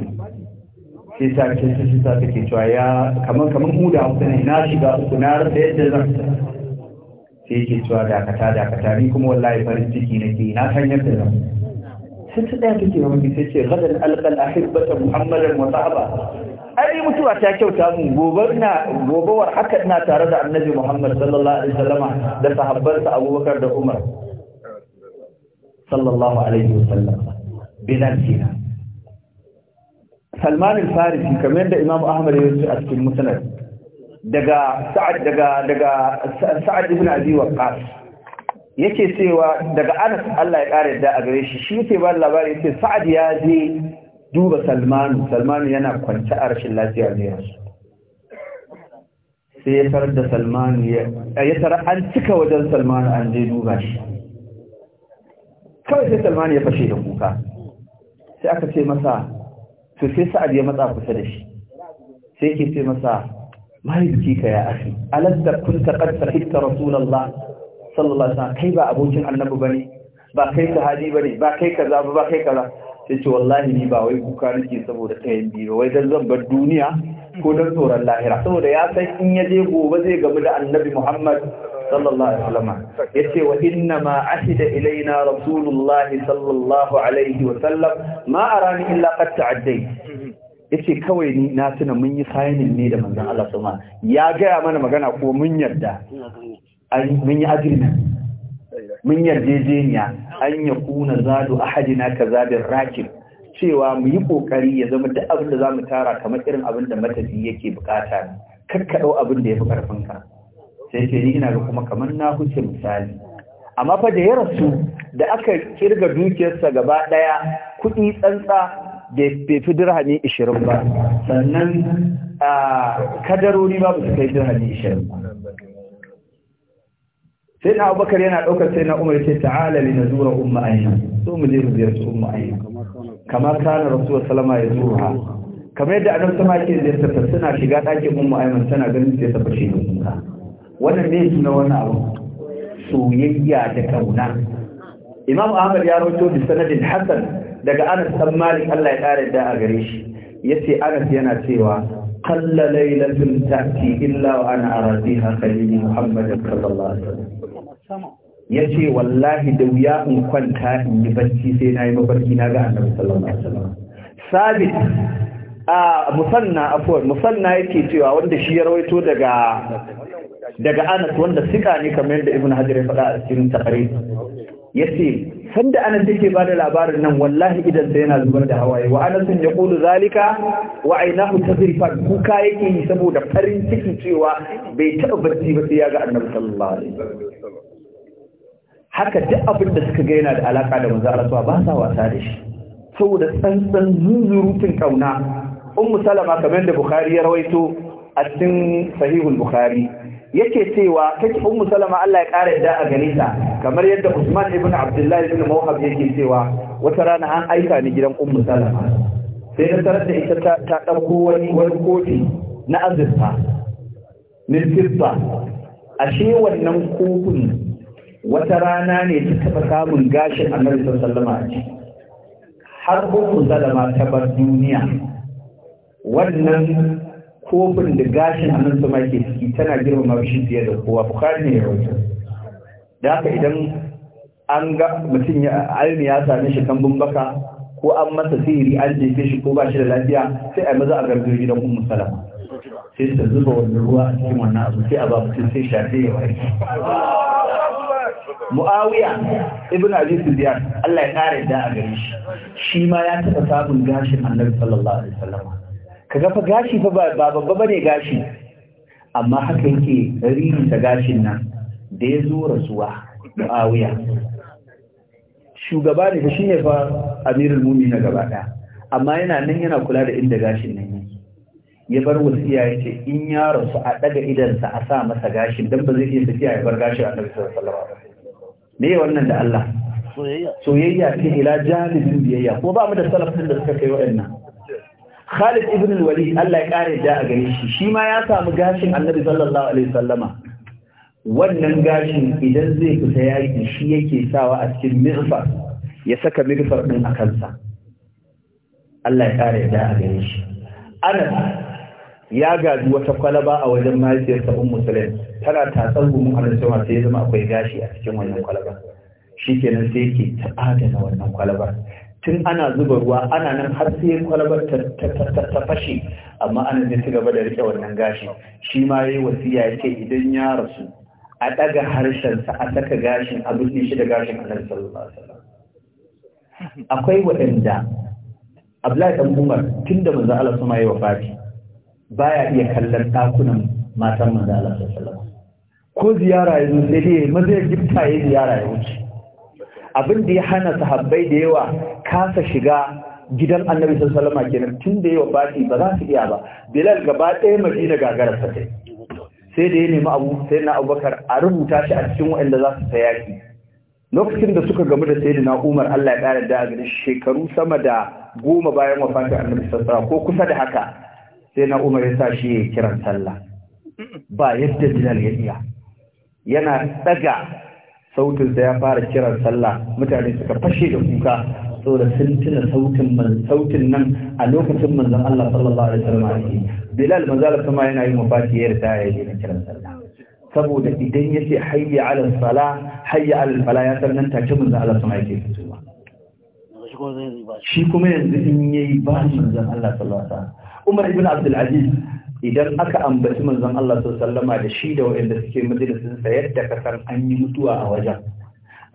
sai ta ce ta ce ta take cewa ya kamar kamar mu da Usman ne na shiga uku na rasa yadda zan sai yake cewa dakata dakata ni kuma wallahi farin ciki nake na san yadda zan sai ta ɗaya take mamaki sai ce gadar alƙal ahibbata muhammadan wa sahaba ai mutuwa ta kyauta mun gobe gobewar haka ina tare da annabi muhammad sallallahu alaihi wasallama da sahabbansa abubakar da umar sallallahu alaihi wasallam binafsina salman al-farisi kamar da imam ahmad ya yi a cikin musnad daga sa'ad daga daga sa'ad ibn abi waqqas yake cewa daga Anas Allah ya kare da a gare shi shi yake ba labarin yake Sa'ad ya je duba Salmanu Salmanu yana kwance a rashin lafiya ne yasu sai ya tarar da Salmanu eh, ya tarar an cika wajen Salmanu an je duba shi kawai sai Salmanu ya fashe da kuka sai aka ce masa to sai Sa'ad ya matsa kusa da shi sai yake ce masa mahaifiki ka ya akhi alasta kunta qad sahibta rasulallah. sallallahu alaihi wasallam kai ba abokin annabi bane ba kai sahabi bane ba kai kaza ba kai kaza sai ce wallahi ni ba wai kuka nake saboda tayin biyu wai dan zan bar duniya ko dan tsoron lahira saboda ya san in ya je gobe zai gamu da annabi Muhammad sallallahu alaihi wasallam yace wa inna ma ahida ilaina rasulullah sallallahu alaihi wasallam ma arani illa qad ta'addai yace kawai ni na tuna mun yi signing ne da manzon Allah sallallahu alaihi wasallam ya ga mana magana ko mun yarda mun yi agreement mun yarjejeniya an ya kuna ahadi ahadina ka zabin rakin cewa mu yi kokari ya zama duk abin da za mu tara kamar irin abin da matafi yake bukata ne kakka abin da ya fi ƙarfinka sai ce ni ina ga kuma kamar na huce misali amma fa da ya rasu da aka kirga dukiyarsa gaba ɗaya kuɗi tsantsa da bai fi dirhami ishirin ba sannan ah, kadarori ba su kai dirhami ishirin ba sai na abubakar yana ɗaukar sai na umar ce ta'ala li na zura umma aina so mu je mu ziyarci umma aina kamar kana rasu salama ya zuwa kamar yadda annabi sama ke ziyarta suna shiga ɗakin umma aina tana ganin sai ta fashe da kuka wannan ne shi na wani abu soyayya da kauna imam ahmad ya rawaito bi sanadin hasan daga anas dan malik Allah ya kare da a gare shi yace anas yana cewa قل ليلة تأتي إلا وأنا ana فيها خليلي محمد صلى الله عليه ya ce wallahi da wuya in kwanta in yi bacci sai na yi mafarki na ga annabi sallallahu alaihi wasallam sabit a musanna afwan musanna yake cewa wanda shi ya rawaito daga daga Anas wanda sika ne kamar yadda Ibn Hajar ya faɗa a cikin Ya yace sanda Anas yake ba da labarin nan wallahi idan sai yana zubar da hawaye wa Anas ya kudu zalika wa ainahu tazrifan kuka yake yi saboda farin ciki cewa bai taɓa barci ba sai ya ga Annabi sallallahu alaihi wasallam haka duk abin da suka ga yana da alaka da manzo Allah ba sa wasa da shi saboda tsantsan zuzurutin kauna ummu salama kamar da bukhari ya rawaito a cikin sahihul bukhari yake cewa take ummu salama Allah ya kare da a gare ta kamar yadda Usman ibn Abdullahi ibn Mawhab yake cewa wata rana an aika ni gidan ummu salama sai na tarar da ita ta ta dauko wani wani kofi na azurfa min fitba ashe wannan kofin wata rana ne ta taɓa samun gashin annabi sallama a ciki har uku zalama ta bar duniya wannan kofin da gashin annabi sallama ke ciki tana girmama shi fiye da kowa bukari ne ya wuce. da haka idan an ga mutum ya almi ya sami shi kambun baka ko an masa sihiri an jefe shi ko ba shi da lafiya sai a maza a gargajiya gidan ummu salama sai ta zuba wani ruwa a cikin wannan abu sai a ba mutum sai shafe ya warke mu'awiya ibn abi sufyan Allah ya kare da a gare shi shi ma ya taba samun gashin annabi sallallahu alaihi wasallam kaga fa gashi fa ba babba bane gashi amma haka yake riri ta gashin nan da ya zo rasuwa mu'awiya shugaba ne shi ne fa amirul mu'minin gaba daya amma yana nan yana kula da inda gashin nan yake ya bar wasiya ya ce in ya rasu a ɗaga idansa a sa masa gashin dan ba zai iya tafiya ya bar gashin a sallallahu alaihi me wannan da Allah soyayya ce ila jami'in biyayya ko ba mu da salafin da suka kai waɗannan Khalid ibn al-Walid Allah ya kare da a gare shi shi ma ya samu gashin Annabi sallallahu alaihi wasallama wannan gashin idan zai fita yaki shi yake sawa a cikin mirfa ya saka mirfar din a kansa Allah ya kare da a gare shi Anas ya gaji wata kwalaba a wajen mahaifiyarsa ummu sulaim tana tatsar gumin cewa sai ya zama akwai gashi a cikin wannan kwalaba shikenan sai yake ta adana wannan kwalabar tun ana zuba ruwa ana nan har sai kwalabar ta fashe amma ana zai ci gaba da rike wannan gashi shi ma yayi wasiya yake idan ya rasu a daga harshen sa a saka gashin a binne shi da gashin Annabi sallallahu alaihi wasallam akwai waɗanda Abdullahi dan Umar tunda manzo Allah sama wa wafati baya iya kallon ɗakunan matan manzo Allah sallallahu ko ziyara yanzu sai dai maza ya gifta ya ziyara ya wuce abin da ya hana sahabbai da yawa kasa shiga gidan annabi sallallahu alaihi kenan tun da yawa baki ba za su iya ba bilal gaba ɗaya madina gagarar sa sai sai da ya nemi abu sai na abubakar a rubuta shi a cikin waɗanda za su shi. lokacin da suka gamu da sayyidina umar allah ya ƙara da shekaru sama da goma bayan wafatin annabi sallallahu ko kusa da haka sai na umar ya sa shi ya kiran sallah ba yadda bilal ya iya yana daga sautin da ya fara kiran sallah mutane suka fashe da kuka So da sun tuna sautin man sautin nan a lokacin manzon Allah sallallahu alaihi wasallam bilal manzala kuma yana yin mafati ya rita ya yi kiran sallah saboda idan yace hayya ala sala hayya ala fala ya san nan take manzon Allah sama yake fitowa shi kuma yanzu in yayi ba manzon Allah sallallahu alaihi wasallam Umar ibn Abdul Aziz idan aka ambaci manzon Allah sallama da shi da waɗanda suke majalisin sa yadda ka an yi mutuwa a wajen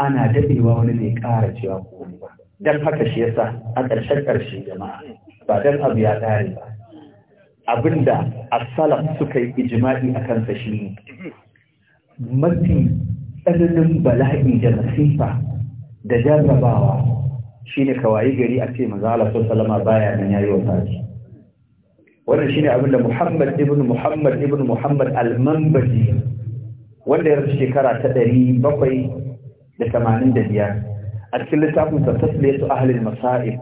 ana dadewa wani bai ƙara cewa komai ba dan haka shi yasa a ƙarshen ƙarshe jama'a ba dan abu ya dare ba abinda as-salaf suka yi ijma'i akan sa shi mafi tsananin bala'i da nasifa da jarrabawa shine kawai gari a ce manzo Allah wasallam baya nan yayi wa wannan shine abin da Muhammad ibn Muhammad ibn Muhammad al-Manbadi wanda ya rasu shekara ta 785 a cikin littafin sa tasliyatu ahli al-masa'ib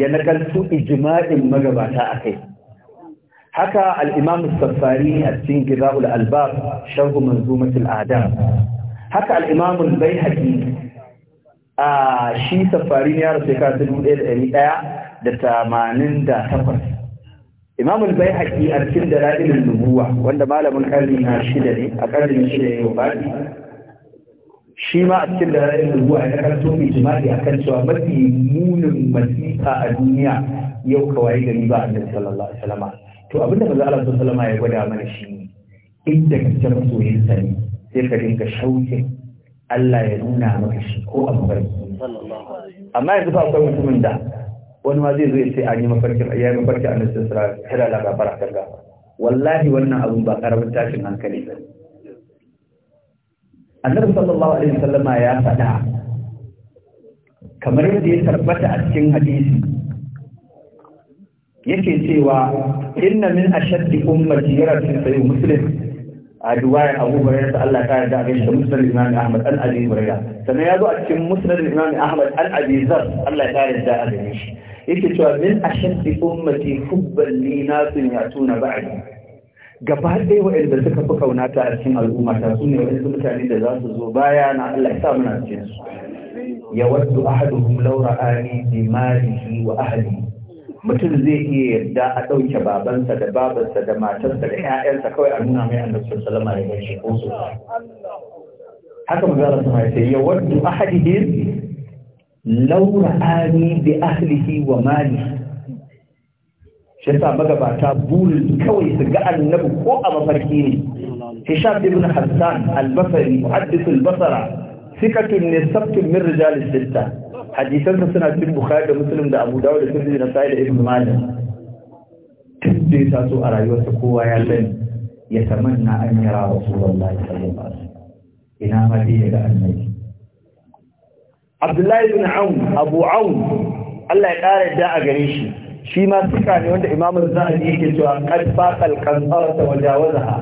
ya nakaltu ijma'in magabata akai haka al-Imam as-Saffari a cikin Kitabul albab sharh manzumat al-adab haka al-Imam al-Baihaqi a shi Saffari ya rasu shekara 1188 Imamul bai baihaqi a cikin da dalailin nubuwa wanda malamin karni na shida ne a karni shida ya wafati shi ma a cikin da dalailin nubuwa ya karanto mai jima'i kan cewa mafi munin masifa a duniya yau kawai gari ba a annabi sallallahu alaihi wasallam to abinda manzo Allah sallallahu alaihi wasallam ya gwada mana shi ne In inda kace masoyin sa ne sai ka dinga shauke Allah ya nuna maka shi ko a mabarki amma yanzu ba akwai mutumin da wani ma zai zo ya ce an yi mafarkin ya yi mafarkin annabi sallallahu alaihi wasallam hira gafara kan gafara wallahi wannan abun ba karamin tashin hankali ba annabi sallallahu alaihi wasallama ya faɗa kamar yadda ya tabbata a cikin hadisi yake cewa inna min ashaddi ummati yaratin sayyid muslim a riwayar Abu Hurairah ta Allah ta yarda ga shi Musnad Imam Ahmad an Abi Hurairah sannan ya zo a cikin Musnad Imam Ahmad an Abi Zar Allah ta yarda a gare shi yake cewa min ashaddi ummati hubban li nasin yatuna ba'di gaba ɗaya waɗanda suka fi kauna a cikin al'umma ta su ne waɗansu mutane da za su zo baya na Allah ya sa muna cikin su ya waddu ahaduhum laura ani bi wa ahli mutum zai iya yarda a ɗauke babansa da babansa da matarsa da ƴaƴansa kawai a nuna mai annabi sallallahu alaihi wasallam ya gaishe haka ya ce ya waddu laura ani da ahlihi wa mali shi yasa magabata burin kawai su ga annabi ko a mafarki ne hisham ibn hassan al-basri muhaddith al-basra sikatun ne sabtun min rijal sitta hadisan suna cikin bukhari da muslim da abu dawud da tirmidhi da sa'id ibn majah tun da ya taso a rayuwarsa kowa ya sani ya tamanna an yara rasulullahi sallallahu alaihi wasallam ina ma dai ga annabi abdullahi bin aun abu aun Allah ya ƙara da a gare shi shi ma suka ne wanda imamun zahabi yake cewa qad faqal qansara wa jawazaha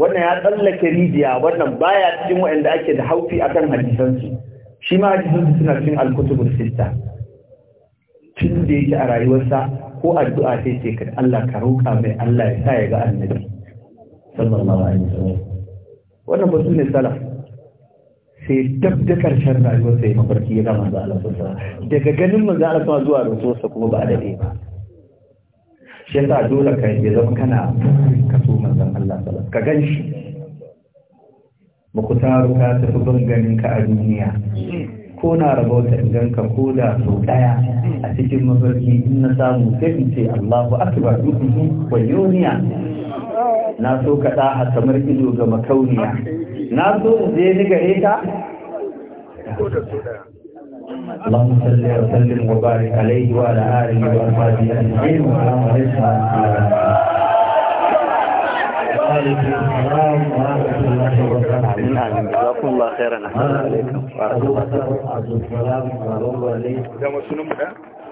wannan ya tsallake rijiya wannan baya cikin waɗanda ake da haufi akan hadisansu shi ma hadisansu suna cikin al-kutubus sitta tun da yake a rayuwarsa ko addu'a sai ce ka Allah ka roƙa mai Allah ya sa ya ga annabi sallallahu alaihi wasallam wannan ba su ne salaf sai dab da karshen rayuwar sai mafarki ya gama za a daga ganin mu za a sallallahu zuwa wasu kuma ba a dade ba shi ta dole ka yi zama kana kaso manzon Allah ka gan shi mukutaru ka tafi ban ganin ka a duniya ko na rabauta in ganka ko da sau daya a cikin mafarki in na samu sai in ce Allahu akbar duk wa yuniya na so ka da kamar ido ga makauniya na so in je ni gare ta اللهم صل وسلم وبارك عليه وعلى اله وصحبه اجمعين وسلم عليكم ورحمه الله وبركاته. جزاكم الله خيرا. السلام عليكم ورحمه الله وبركاته.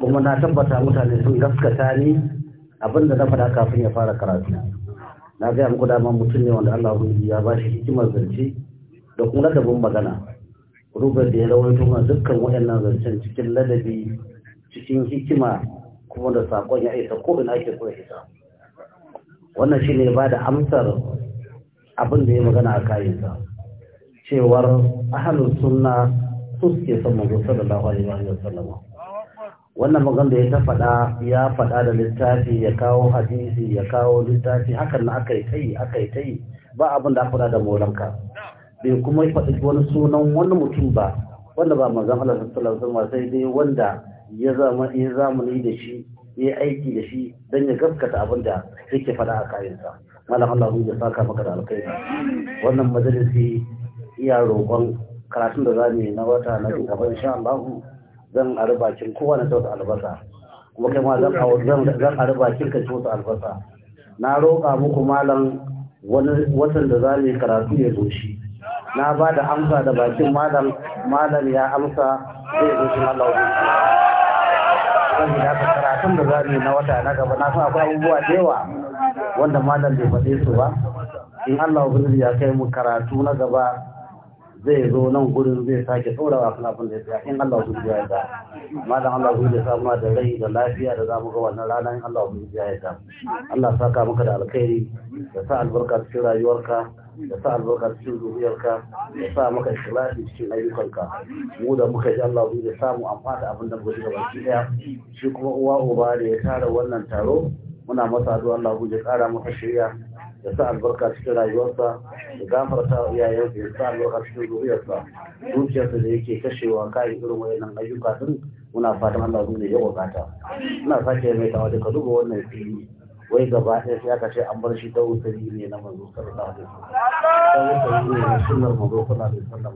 kuma na tabbata mutane sun gaskata ni abinda na faɗa kafin ya fara karatu na gaya muku dama mutum ne wanda Allah ya ba shi hikimar zance da kuma ladabin magana rubar da ya rawaito ma dukkan waɗannan zancen cikin ladabi cikin hikima kuma da sakon ya isa ko ina ake so shi isa wannan shi ne ba da amsar abin da ya magana a kayansa cewar ahalin sunna su suke son manzo sallallahu alaihi wa sallam wannan magan da ya ta faɗa ya faɗa da littafi ya kawo hadisi ya kawo littafi hakan na aka yi ta yi aka yi ta yi ba abin da aka faɗa da molanka bai kuma yi faɗi wani sunan wani mutum ba wanda ba mazan Allah sallallahu masu sai dai wanda ya zama ya zamani da shi ya aiki da shi don ya gaskata abin da yake faɗa a kayansa malam Allah ya saka maka da alkhairi wannan majalisi iya roƙon karatun da zamu yi na wata na gaba insha Allah zan ari bakin kowa na sauta albasa kuma kai ma zan ari bakin ka sauta albasa na roƙa muku malam watan da za mu yi karatu ya zo shi na ba da amsa da bakin malam malam ya amsa zai zo shi Allah ya saboda haka karatun da za mu yi na wata na gaba na san akwai abubuwa da yawa wanda malam bai faɗe su ba in Allah ya kai mu karatu na gaba zai zo nan gurin zai sake tsorawa kan abin da ya in Allah ku ya yarda malam Allah ku ya mu da rai da lafiya da zamu ga wannan rana in Allah ku ya yarda Allah ya saka maka da alkhairi da sa albarka cikin rayuwarka da sa albarka cikin zuriyarka da sa maka ikhlasi cikin ayyukanka mu da muka ji Allah ku ya samu amfana abin da gobe ji baki daya shi kuma uwa uba da ya tara wannan taro muna masa addu'a Allah ku ya kara masa shiriya ya sa albarka cikin rayuwarsa da ya ta iya yau ya sa albarka cikin zuriyarsa dukiyarsa da yake kashewa kare irin wayannan ayyuka din muna fatan Allah zai ya wakata ina sake mai tawa duka duba wannan fili wai gaba ɗaya sai aka ce an bar shi dawusari ne na manzo sallallahu alaihi wasallam dawusari ne na sunnar manzo sallallahu alaihi wasallam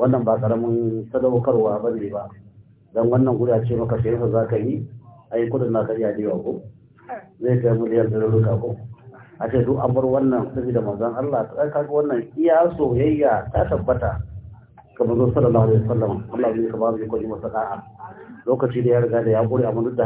wannan ba karamin sadaukarwa ba ne ba don wannan guda ce maka sai za ka yi ai kudin na kariya da yawa ko zai kai miliyan da ruka ko a ce duk an bar wannan da manzon Allah ta kaga wannan iya soyayya ta tabbata kamar zo sallallahu alaihi wasallam Allah ya kamar zai kwaji yi masa lokaci da ya riga da ya gure amma duk